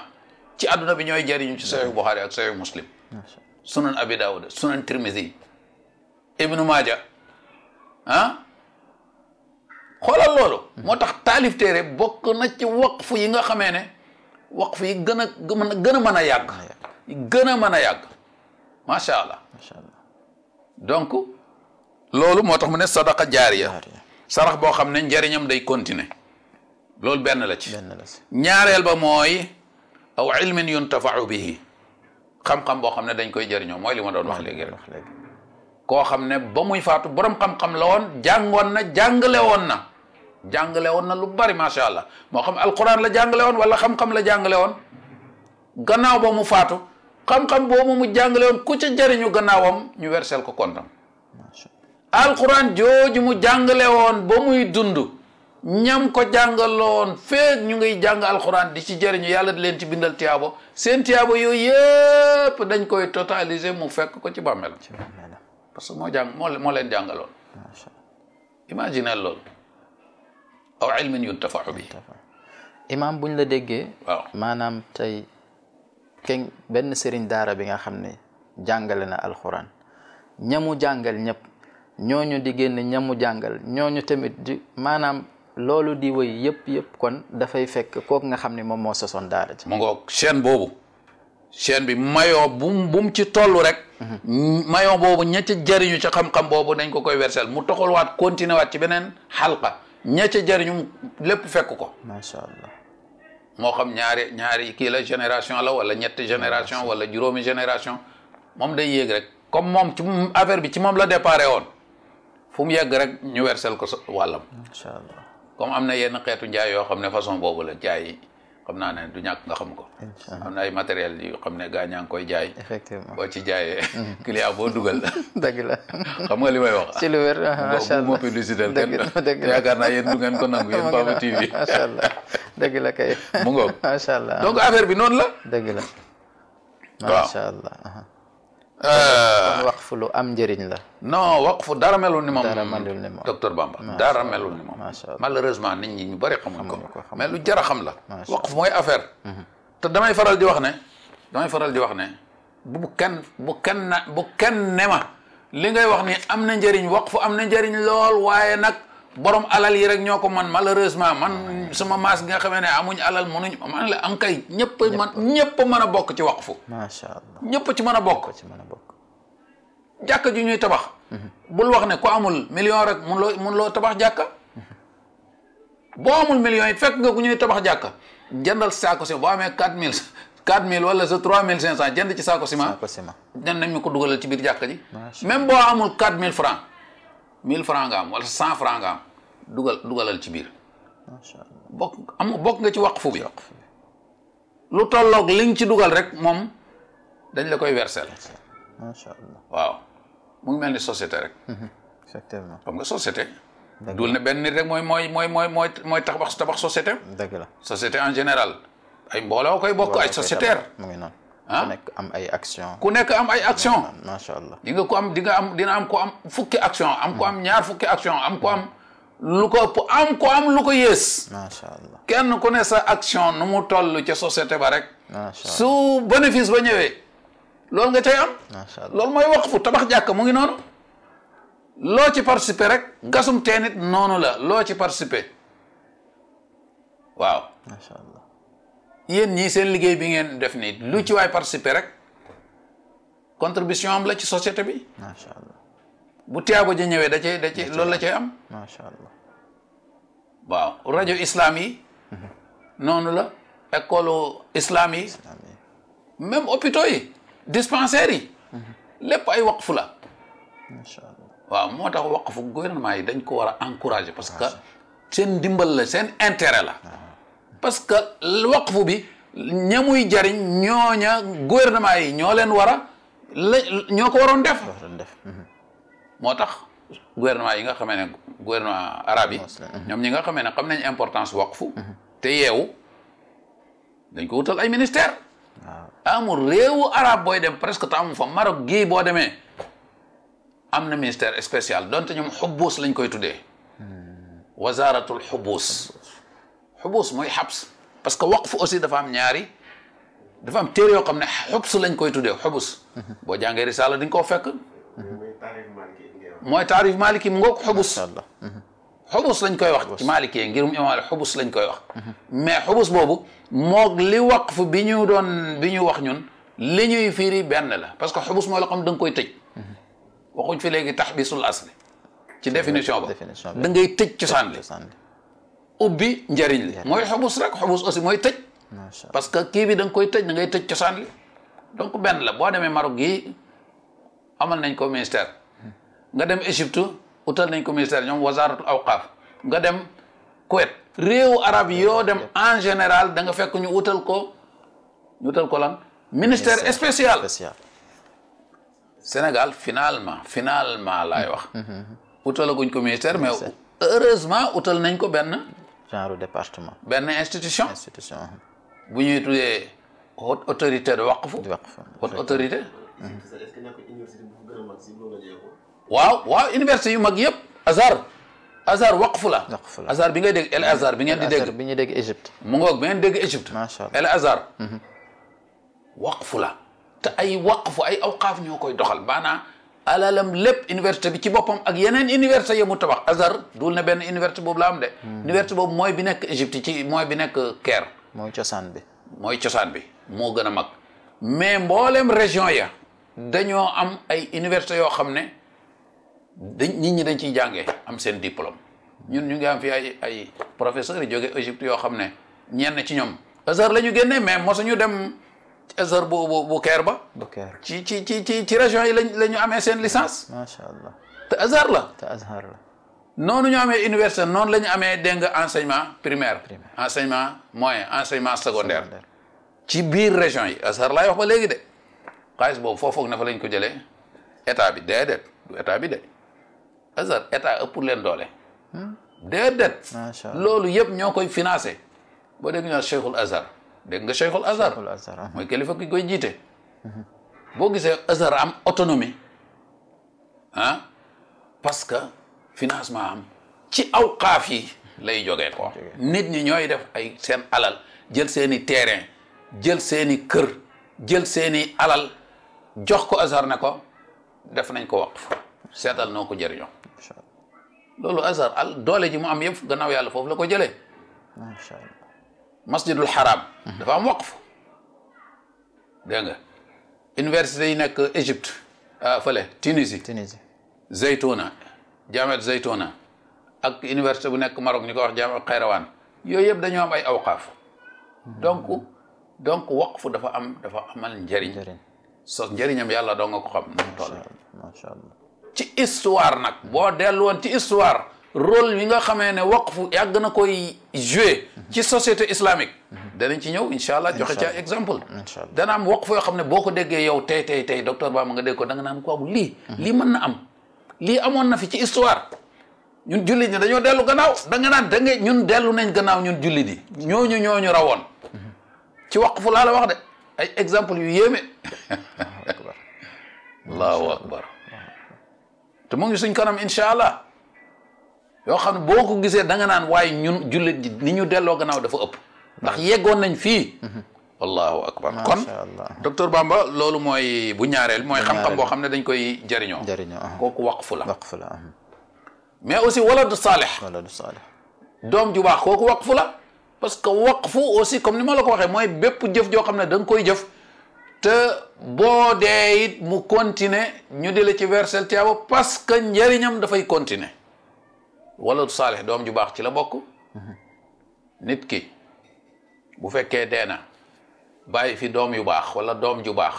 ci àdduna bi ñooy jariñu ci Sahih Bukhari ak Sahih Muslim sunan Abi Dawud sunan Tirmidhi Ibnu Maaja ah xoolal loolu hmm. moo tax taalif téere bokk na ci waqfu yi nga xamee ne waqfu yi gën a gën a mën a yàgg gën a mën a yàgg macha allah donc loolu moo tax mu ne sadaqa jaariya sarax boo xam ne njariñam day continuer loolu benn la ci ñaareel ba mooy aw ilmin yuntafau bihi xam-xam boo xam ne dañ koy jëriñoo mooy li ma doon wax léegi rek koo xam ne ba muy faatu borom xam-xam la woon jàngoon na jàngale woon na jàngale woon na lu bari macha allah moo xam alquran la jàngale woon wala xam-xam la jàngale woon gannaaw ba mu faatu xam-xam boobu mu jàngale woon ku ca jëriñu gannaawam ñu wersel ko kontam alquran jooju mu jàngale woon ba muy dund ñam ko jàngaloon feeg ñu ngi jàng alquran di ci jëriñu yàlla di leen ci bindal tiyaabo seen tiyaabo yooyu yëpp dañ koy totaliser mu fekk ko ci bàmmeel parce que moo jàng moo leen jàngaloon imagine loolu aw ilmin yuntafaxu bi imaam buñ la déggee waaw maanaam tey kenn benn sëriñ daara bi nga xam ne jàngale na alquran ñamu jàngal ñëpp ñooñu di génn ñamu jàngal ñooñu tamit maanaam loolu di wëy yëpp yëpp kon dafay fekk kooku nga xam ni moom moo sosoon daara ji mu ngoog chaîne boobu chaîne bi mayo bu bu mu ci toll rek mhm. maillon boobu ña jariñu jëriñu ca xam-xam boobu dañ ko koy wersel mu toxal waat continuer waat ci beneen xalqa ña jariñu lépp fekk ko macha allah moo xam ñaari ñaari kii la génération la wala ñetti génération wala juróomi génération moom day yéeg rek comme moom ci affaire bi ci moom la déparé woon fu mu yàgg rek ñu wersel ko wàllam. incha allah comme am na yenn xeetu njaay yoo xam ne façon boobu la jaay yi xam naa ne du ñàkk nga xam ko. am na ay matériel yu xam ne gaa ñaa ngi koy jaay. effectivement boo ci jaayee. Mm. client boo dugal. dëgg la xam nga li may wax. ci lu wér ah, macha allah boo bu yéen du ngeen ko nangu yéen Baba macha allah dëgg donc affaire bi noonu la. dëgg la allah kon euh. waqfu lu am njëriñ la. non waqfu dara melul ni moom. dara ni moom docteur Bamba. dara melul ni moom. malheureusement nit ñi ñu bëri xamuñ ko. mais lu jar a xam la. waqfu mooy affaire. Mhm. te damay faral di wax ne. damay faral di wax ne. bu kenn bu kenn na kenn ne ma. li ngay wax ni am na njëriñ waqfu am na njëriñ lool waaye nag. borom alal yi rek ñoo ko man malheureusement man sama maas nga xamee ne amuñ alal mënuñ man la am kay ñëpp man ñëpp a mën a bokk ci waqfu macha allah ñëpp ci mën a bokk ci mën a bokk jàkka ju ñuy tabax mhm. bul wax ne ku amul million rek mun loo mun loo tabax jàkka mhm. boo amul million it fekk nga ku ñuy tabax jàkka jëndal saako si boo amee quatre mille quatre mille wala sa trois mille cinq cent jënd ci saako ciment. saako ciment jënd nañ ko dugalal ci biir jàkka ji. même boo amul quatre mille francs mille franc nga am wala cent franc nga dugal dugalal ci biir. macha allah bokk am bokk nga ci waqfu bi. lu tolloog li ci dugal rek moom dañ la koy wersel macha allah waaw mu ngi mel ni société rek. Mhm. effectivement xam nga société. dul ne benn nit rek mooy mooy mooy mooy mooy mooy tabax tabax société. dëgg la société en général. ay mbooloo koy bokk ay sociétaire mu ngi noonu ah ku nekk am ay action ku nekk am ay action macha allah di nga ko am dinga am dina am ko am fukki action am ko am ñaar fukki action am ko am lu ko am ko am lu ko yées macha allah kenn ku ne sa action nu mu toll ca société ba rek su bénéfice ba ñëwee loolu nga cay am macha allah loolu mooy waqfu tabax jàkk mu ngi noonu loo ci participer rek ngasum teen noonu la loo ci participer waaw macha allah yéen ñi seen liggéey bi ngeen def nii lu ci waay participer rek contribution am la ci société bi. macha allah bu tiyaabo ja ñëwee da cee da loolu la cee am. macha allah waaw rajo islam yi. Mhm. noonu la école islam yi. même hôpitaux yi dispensaires yi. Mhm. lépp ay waqf la. waaw moo tax waqfu gouvernement yi dañ ko war a encourager parce que seen ndimbal la seen intérêt la. Ah. parce que waqfu bi ña muy jariñ ñooña gouvernement yi ñoo leen war a la ñoo ko waroon def mhm. moo tax gouvernement yi nga xamee ne gouvernement arabe yi mhm. ñoom ñi nga xamee ne xam nañ importance waqfu mhm. te yeewu dañ ko wutal ay ministère amul réewu arabe booy dem presque te amul fa Maroc gii boo demee am na ministère spécial donte ñoom xubuus lañ koy tuddee hmm. wasaratul xubuus xubuus mooy xabs parce que waqfu aussi dafa am ñaari dafa am téere yoo xam ne xubs lañ koy tuddee xubus boo jàngee risaala di nga koo fekk mooy taarif maliki mu ngoog xubus xubus lañ koy wax ci maliki yi ngir mu imaale koy wax mais xubus boobu moog li waqfu bi ñu doon bi ñu wax ñun li ñuy firi benn la parce que xubus mooy loo xam da koy tëj waxuñ fi léegi taxbisul asli ci définition ba da ngay tëj cosaan li ubbi njariñ li mooy xubus rek xubus aussi mooy tëj parce que kii bi nga koy tëj da ngay tëj cosaan li donc benn la boo demee Maroc gii amal nañ ko ministère nga dem Égypte utal nañ ko ministère ñoom wasaratul awqaaf nga dem Kuwait réewu arab yoo dem en général da nga fekk ñu utal ko ñu utal ko lan ministère spécial Sénégal finalement finalement laay wax mhm, mhm, mhm. utalaguñ ko ministère mais heureusement utal nañ ko benn genre département. benn institution institution. Uh-huh. bu ñuy tuddee haute autorité de waqfu. waqfu haute autorité. waaw waaw université yu mag yëpp Azhar. Azhar waqfu la. waqfu la Azhar bi ngay dégg El Azhar ngeen di dégg. bi ñuy dégg Égypte. mu ngoog bi ngeen dégg Égypte. macha allah El Azhar. Mm-hmm. waqfu la te ay waqfu ay awqaaf ñoo koy doxal alalam lépp université bi ci boppam ak yeneen université yi mu tabax Azhar dul ne benn université boobu la am de. Hmm. université boobu mooy bi nekk Égypte ci mooy bi nekk mooy cosaan bi. moo gën a mag mais mbooleem région ya dañoo am ay université yoo xam ne dañ nit ñi dañ ciy jàngee am seen diplôme ñun ñu ngi am fi ay ay professeurs yu jógee Égypte yoo xam ne ñenn ci ñoom Azhar la ñu mais mosuñu dem. Azhar bu bu Caire ba. bu Caire ci ci ci ci ci région yi lañ la ñu amee seen licence. macha allah te Azhar la. te la. noonu ñu amee université noonu la ñu amee dégg nga enseignement primaire. primaire enseignement moyen enseignement secondaire. ci biir région yi Azhar laay wax ba léegi de xaalis boobu foo foog na fa lañ ko jële état bi déedéet du état bi de Azhar état ëpp leen doole. Hmm? déedéet. loolu yëpp ñoo koy financé boo dégg ñu naan Cheikhul dégg nga cheikhul azhar uh-huh. mooy kilifa ki koy jiite boo gisee azhar am autonomie ah parce que financement am ci aw yi lay jógee ko nit ñi ñooy def ay seen alal jël seeni terrain jël seeni kër jël seeni alal jox ko azhar ne ko def nañ ko waqf seetal noo ko jëriñoo loolu azhar al doole ji mu am yëpp gannaaw yàlla foofu la ko jëlee masjidul xaraam. dafa am waqf. dégg nga université yi nekk Égypte ah, fële Tunisie. Tunisie Zaytuna Jaamet Zaytuna ak université bu nekk Maroc ñu ko wax Jaamet Xayrawaan yooyu yëpp dañoo am ay awqaaf. donc donc fu dafa am dafa amal njëriñ. so njëriñam yàlla doo nga ko xam. macha allah macha histoire nag boo dellu woon ci histoire. rôle wi nga xamee ne waqfu yàgg na koy joué ci mhm. société islamique mhm. danañ ci ñëw incha allah joxe ca exemple dana am waqfu yoo xam ne boo ko déggee yow tey tey tey docteur Ba ma nga dégg ko da nga naan kooku lii mhm. lii mën na am lii amoon na fi ci histoire ñun jullit ñi dañoo dellu gannaaw danga naan da nga ñun dellu nañ gannaaw ñun jullit yi ñooñu ñooñu rawoon ci waqfu laa la wax de ay exemple yu yéeme allahu akbar te mu ngi suñ kanam incha allah yoo xam ne boo ko gisee da nga naan waaye ñun jullit ji ni ñu delloo gannaaw dafa ëpp ndax yeggoon nañ fii wallahu akbar kon docteur Bamba loolu mooy bu ñaareel mooy xam-xam xam ne dañ koy jëriñoo jëriñoo uh-huh. kooku waqfu la waqfu la uh-huh. mais aussi waladu saalih waladu saalih doom ju kooku waqfu la parce que waq fu aussi comme ni ma la ko waxee mooy bépp jëf joo xam ne da koy jëf te boo dee it mu continuer ñu di la ci versel tiyaaba parce que njëriñam dafay continuer wala saale doom ju baax ci la bokk nit ki bu fekkee dee na bàyyi fi doom yu baax wala doom ju baax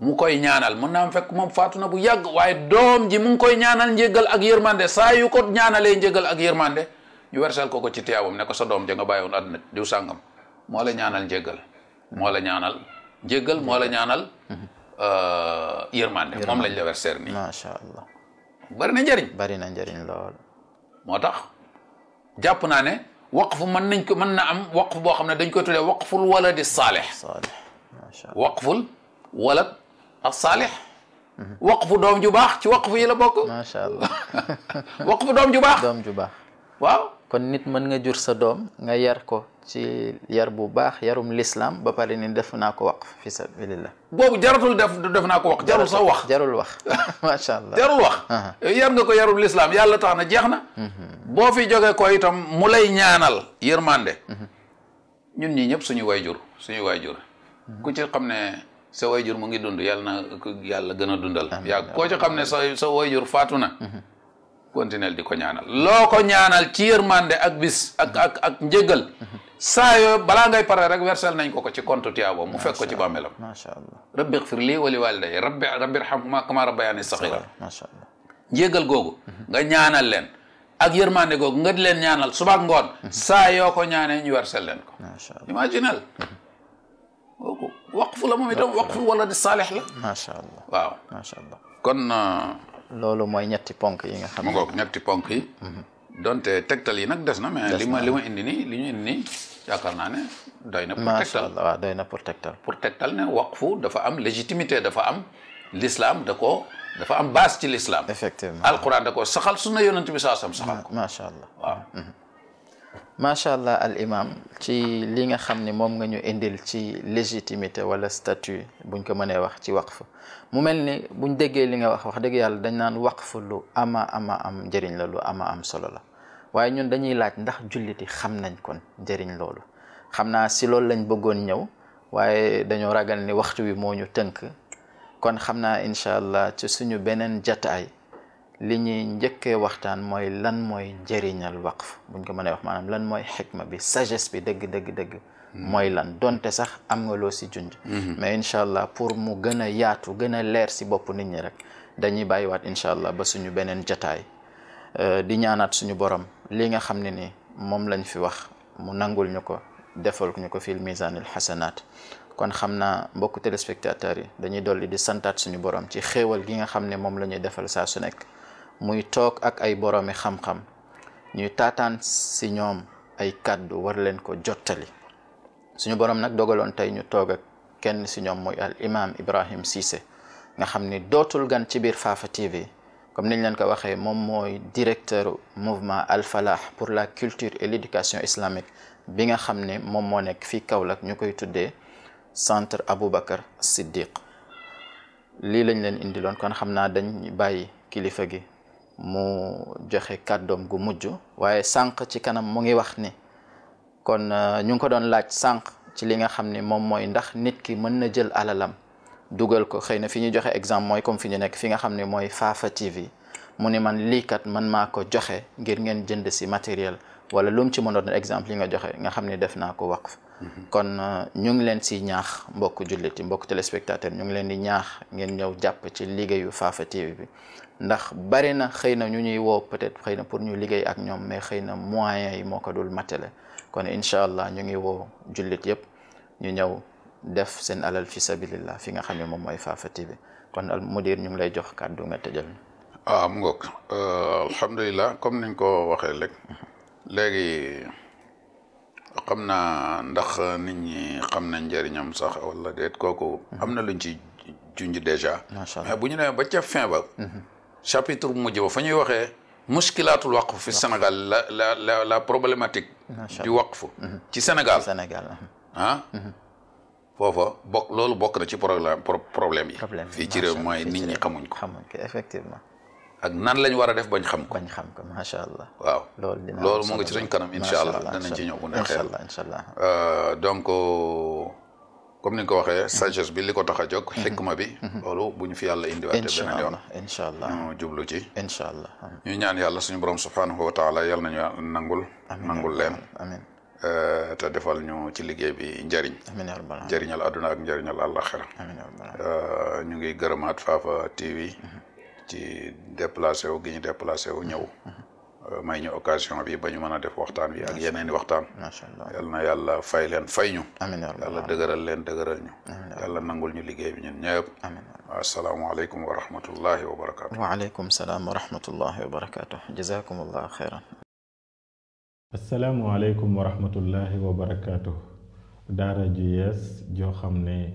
mu koy ñaanal mën naa am fekk moom faatu na bu yàgg waaye doom ji mu koy ñaanal njëgal ak yërmande saa yu ko ñaanalee njëgal ak yërmande ñu wersal ko ko ci tiyaabam ne sa doom ja nga bàyyiwoon àdduna diw sàngam moo la ñaanal njëgal moo ñaanal njëgal moo la ñaanal euh, yërmande moom lañ la werseer nii macha allah bari na njëriñ bari na njëriñ lool moo tax jàpp naa ne waqfu mën nañ ko mën na am waqfu boo xam ne dañ koy tuddee waqful waladi saalih waqful walad as-saalih waqfu doom ju baax ci waqfu yi la bokk. macha allah waqfu doom ju baax doom ju baax waaw. kon nit mën nga jur sa doom nga yar ko ci yar bu baax yarum l'islam ba pare ni def naa ko waqf fi sabilillah boobu jaratul def def naa ko waqf jarul sa wax jarul wax macha allah jarul wax yar nga ko yarum lislaam yàlla tax na jeex na mhm. boo fi jogee ko itam mu lay ñaanal yërmande mhm. ñun ñii ñëpp suñu wayjur suñu wayjur mhm. ku ci xam ne sa jur mu ngi dund yàlla na yàlla gën a dundal yaa koo ci xam ne sa sa wayjur faatu na continuel di ko ñaanal loo ko ñaanal ci yërmande ak bis ak ak ak njëgal saa yoo balaa ngay pare rek versel nañ ko ko ci compte tiyaabo mu fekk ko ci bàmmeelam macha allah rabbi xfir lii wali waliday rabbi rabbi irhamhuma kama rabbayani saxira macha allah njëgal googu nga ñaanal leen ak yërmande googu nga leen ñaanal suba ak saa yoo ko ñaanee ñu versel leen ko macha allah imaginal waqfu la moom itam la macha loolu mooy ñetti ponk yi nga xam ne. mu ngoog ñetti ponk yi. Mhm. donte tegtal yi nag des na. mais li ma li ma indi nii li ñu indi nii yaakaar naa ne. doy na pour tegtal na pour tegtal. pour tegtal ne waqfu dafa am légitimité dafa am l'islam da ko dafa am base ci l'islam. effectivement alquran da ko saxal sunna yonent bi saa sam saxal ko. macha allah macha allah al imam ci li nga xam ne moom nga ñu indil ci légitimité wala statut buñ ko mënee wax ci waqf mu mel ni buñ déggee li nga wax wax dëgg yàlla dañ naan waqf lu ama ama am njëriñ la lu ama am solo la waaye ñun dañuy laaj ndax julliti xam nañ kon njëriñ loolu xam naa si loolu lañ bëggoon ñëw waaye dañoo ragal ni waxtu wi moo ñu tënk kon xam naa incha allah ci suñu beneen jataay li ñuy njëkkee waxtaan mooy lan mooy njëriñal waqf buñ ko mënee wax maanaam lan mooy xikma bi sagesse bi dëgg dëgg dëgg hmm. mooy lan donte sax am nga loo si junj hmm. mais incha allah pour mu gën a yaatu gën a leer si bopp nit ñi rek dañuy bàyyiwaat incha allah ba suñu beneen jataay euh, di ñaanaat suñu borom li nga xam ne ni moom lañ fi wax mu nangul ñu ko defal ñu ko fil misanil xasanaat kon xam na mbokku téléspectateurs yi dañuy dolli di santaat suñu borom ci xéewal gi nga xam ne moom la ñuy defal saa su nekk muy toog ak ay boroomi xam-xam ñuy taataan si ñoom ay kàddu war leen ko jottali suñu borom nag dogaloon tey ñu toog ak kenn si ñoom mooy al imam Ibrahim Cissé nga xam ni dootul gan ci biir Fafa TV comme niñ leen ko waxee moom mooy directeur mouvement Al Falah pour la culture et l'éducation islamique bi nga xam ne moom moo nekk fii Kaolack ñu koy tuddee centre Aboubacar Siddiq lii lañ leen indiloon kon xam naa dañ bàyyi kilifa gi mu joxe kàddoom gu mujj waaye sànq ci kanam mu ngi wax ni kon euh, ñu ngi ko doon laaj sànq ci li nga xam ni moom mooy ndax nit ki mën na jël alalam dugal ko xëy na fi ñu joxe mooy comme fi ñu nekk fi nga xam ne mooy Fafa TV mu ni man lii kat man maa ko joxe ngir ngeen jënd si matériel wala lu mu ci mënoon exemple yi nga joxe nga xam ni def naa ko waqf mhm. kon euh, ñu ngi leen si ñaax mbokk jullit mbokku mbokk téléspectateur ñu ngi leen di ñaax ngeen ñëw jàpp ci liggéeyu faafa TV bi ndax bari na xëy na ñu ñuy woo peut-être xëy na pour ñu liggéey ak ñoom mais xëy na moyens yi moo ko dul matale kon incha allah ñu ngi woo jullit yëpp ñu ñaw def seen alal fi sabilillah fi nga xam ne moom mooy Fafa kon al mudir ñu ngi lay jox kàddu nga tëjal. waaw ah, mu ngoog euh, alhamdulilah comme niñ ko waxee rek léegi xam na ndax nit xam nañ njëriñam sax wala déet kooku. am na luñ ci junj déjà. macha allah mais bu ñu nee ba ca fin ba. Mm-hmm. chapitre bu mujj ba fa ñuy waxee muskilaatul waqf fi Sénégal la la la la problématique du waqf mhm. ci Sénégal mhm. ah mhm. foofa bokk loolu bokk na ci problème problème yi fii ci rew mooy nit ñi xamuñ ko xamuñ ko effectivement ak nan lañ war a def bañ xam ko bañ xam ko macha allah waaw loolu mu ngi ci suñ kanam incha allah danañ ci ñëw bu neexee euh, donc euh, comme ni nga ko waxee mhm. sagesse bi li ko tax a jog mhm. xikma bi. Mhm. loolu bu ñu fi yàlla indiwaatee beneen yoon. incha allah ñu jublu ci. allah ñu ñaan yàlla suñu borom subhanahu wa taala yal nañu nangul. nangul leen. amiin eh, te defal ñu ci liggéey bi njëriñ. amiin njëriñal adduna ak njëriñal àllaxira. amiin eh, ñu ngi gërëmaat Fafa TV. ci déplacé wu gi ñu déplacé wu ñëw. Euh, may ñu occasion bi ba ñu mën a def waxtaan bi ak yeneen waxtaan macha allah yal yàlla fay leen fay ñu yàlla dëgëral leen dëgëral ñu yàlla nangul ñu liggéey bi ñun ñëpp amiin asalaamaaleykum wa rahmatullahi wa barakatu waaleykum salaam wa rahmatullahi daara ju yees joo xam ne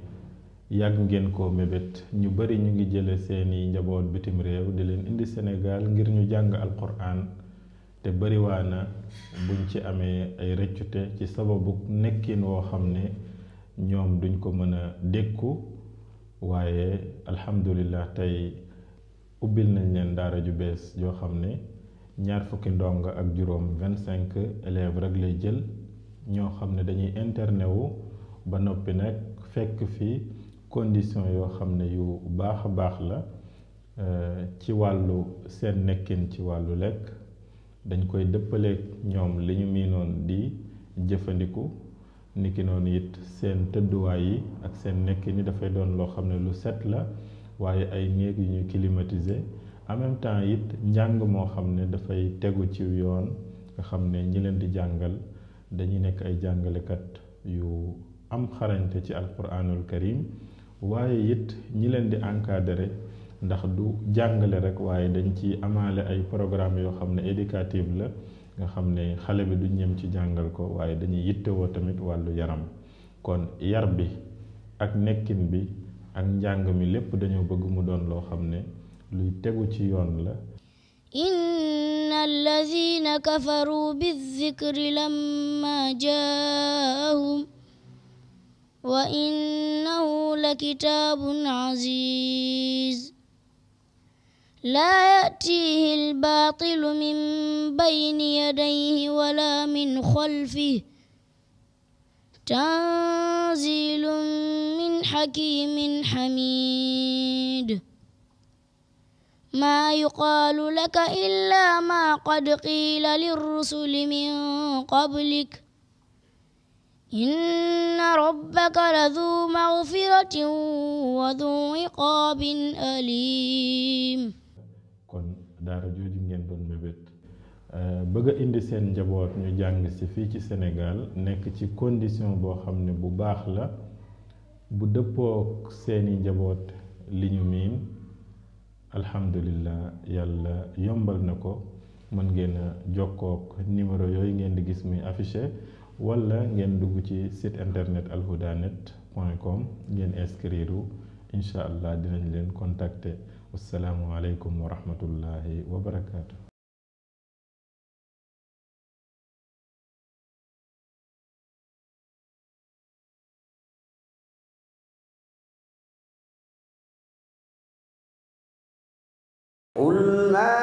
yàgg ngeen ko mébét ñu bari ñu ngi jële seeni njaboot bitim réew di leen indi Sénégal ngir ñu jàng alquran te bariwaa na buñ ci amee ay rëccute ci sababu nekkin woo xam ne ñoom duñ ko mën a dékku waaye alhamdulillah tey ubbil nañ leen daara ju bees yoo xam ne ñaar fukki ndongo ak juróom vingt cinq élèves rek lay jël ñoo xam ne dañuy internet wu ba noppi nag fekk fi condition yoo xam ne yu baax a baax la euh, ci wàllu seen nekkin ci wàllu lekk dañ koy dëppaleeg ñoom li ñu miinoon di jëfandiku nikinoon it seen tëdduwaay yi ak seen nekk ni dafay doon loo xam ne lu set la waaye ay néeg yu ñu climatiser en même temps it njàng moo xam ne dafay tegu ci yoon nga xam ne ñi leen di jàngal dañuy nekk ay jàngalekat yu am xarañte ci alquranul karim waaye it ñi leen di encadrer ndax du jàngale rek waaye dañ ci amaale ay programme yoo xam ne éducative la nga xam ne xale bi du ñem ci jàngal ko waaye dañuy yittewoo tamit wàllu yaram kon yar bi ak nekkin bi ak njàng mi lépp dañoo bëgg mu doon loo xam ne luy tegu ci yoon la inna allazina kafaru bizikri lamma jaahum wa innahu la kitaabun aziz لا يأتيه الباطل من بين يديه ولا من خلفه تنزيل من حكيم حميد ما يقال لك إلا ما قد قيل للرسل من قبلك إن ربك لذو مغفرة وذو عقاب أليم bëgg indi seen njaboot ñu jàng si fii ci Sénégal nekk ci condition boo xam ne bu baax la bu dëppook seeni njaboot li ñu miin alhamdulillah yàlla yombal na ko mën ngeen jokkook numéro yooyu ngeen di gis muy affiché walla ngeen dugg ci site internet alhudanet point com ngeen inscrire incha allah dinañ leen contacter wasalaamualeykum wa rahmatullahi wa barakaatu. قل ما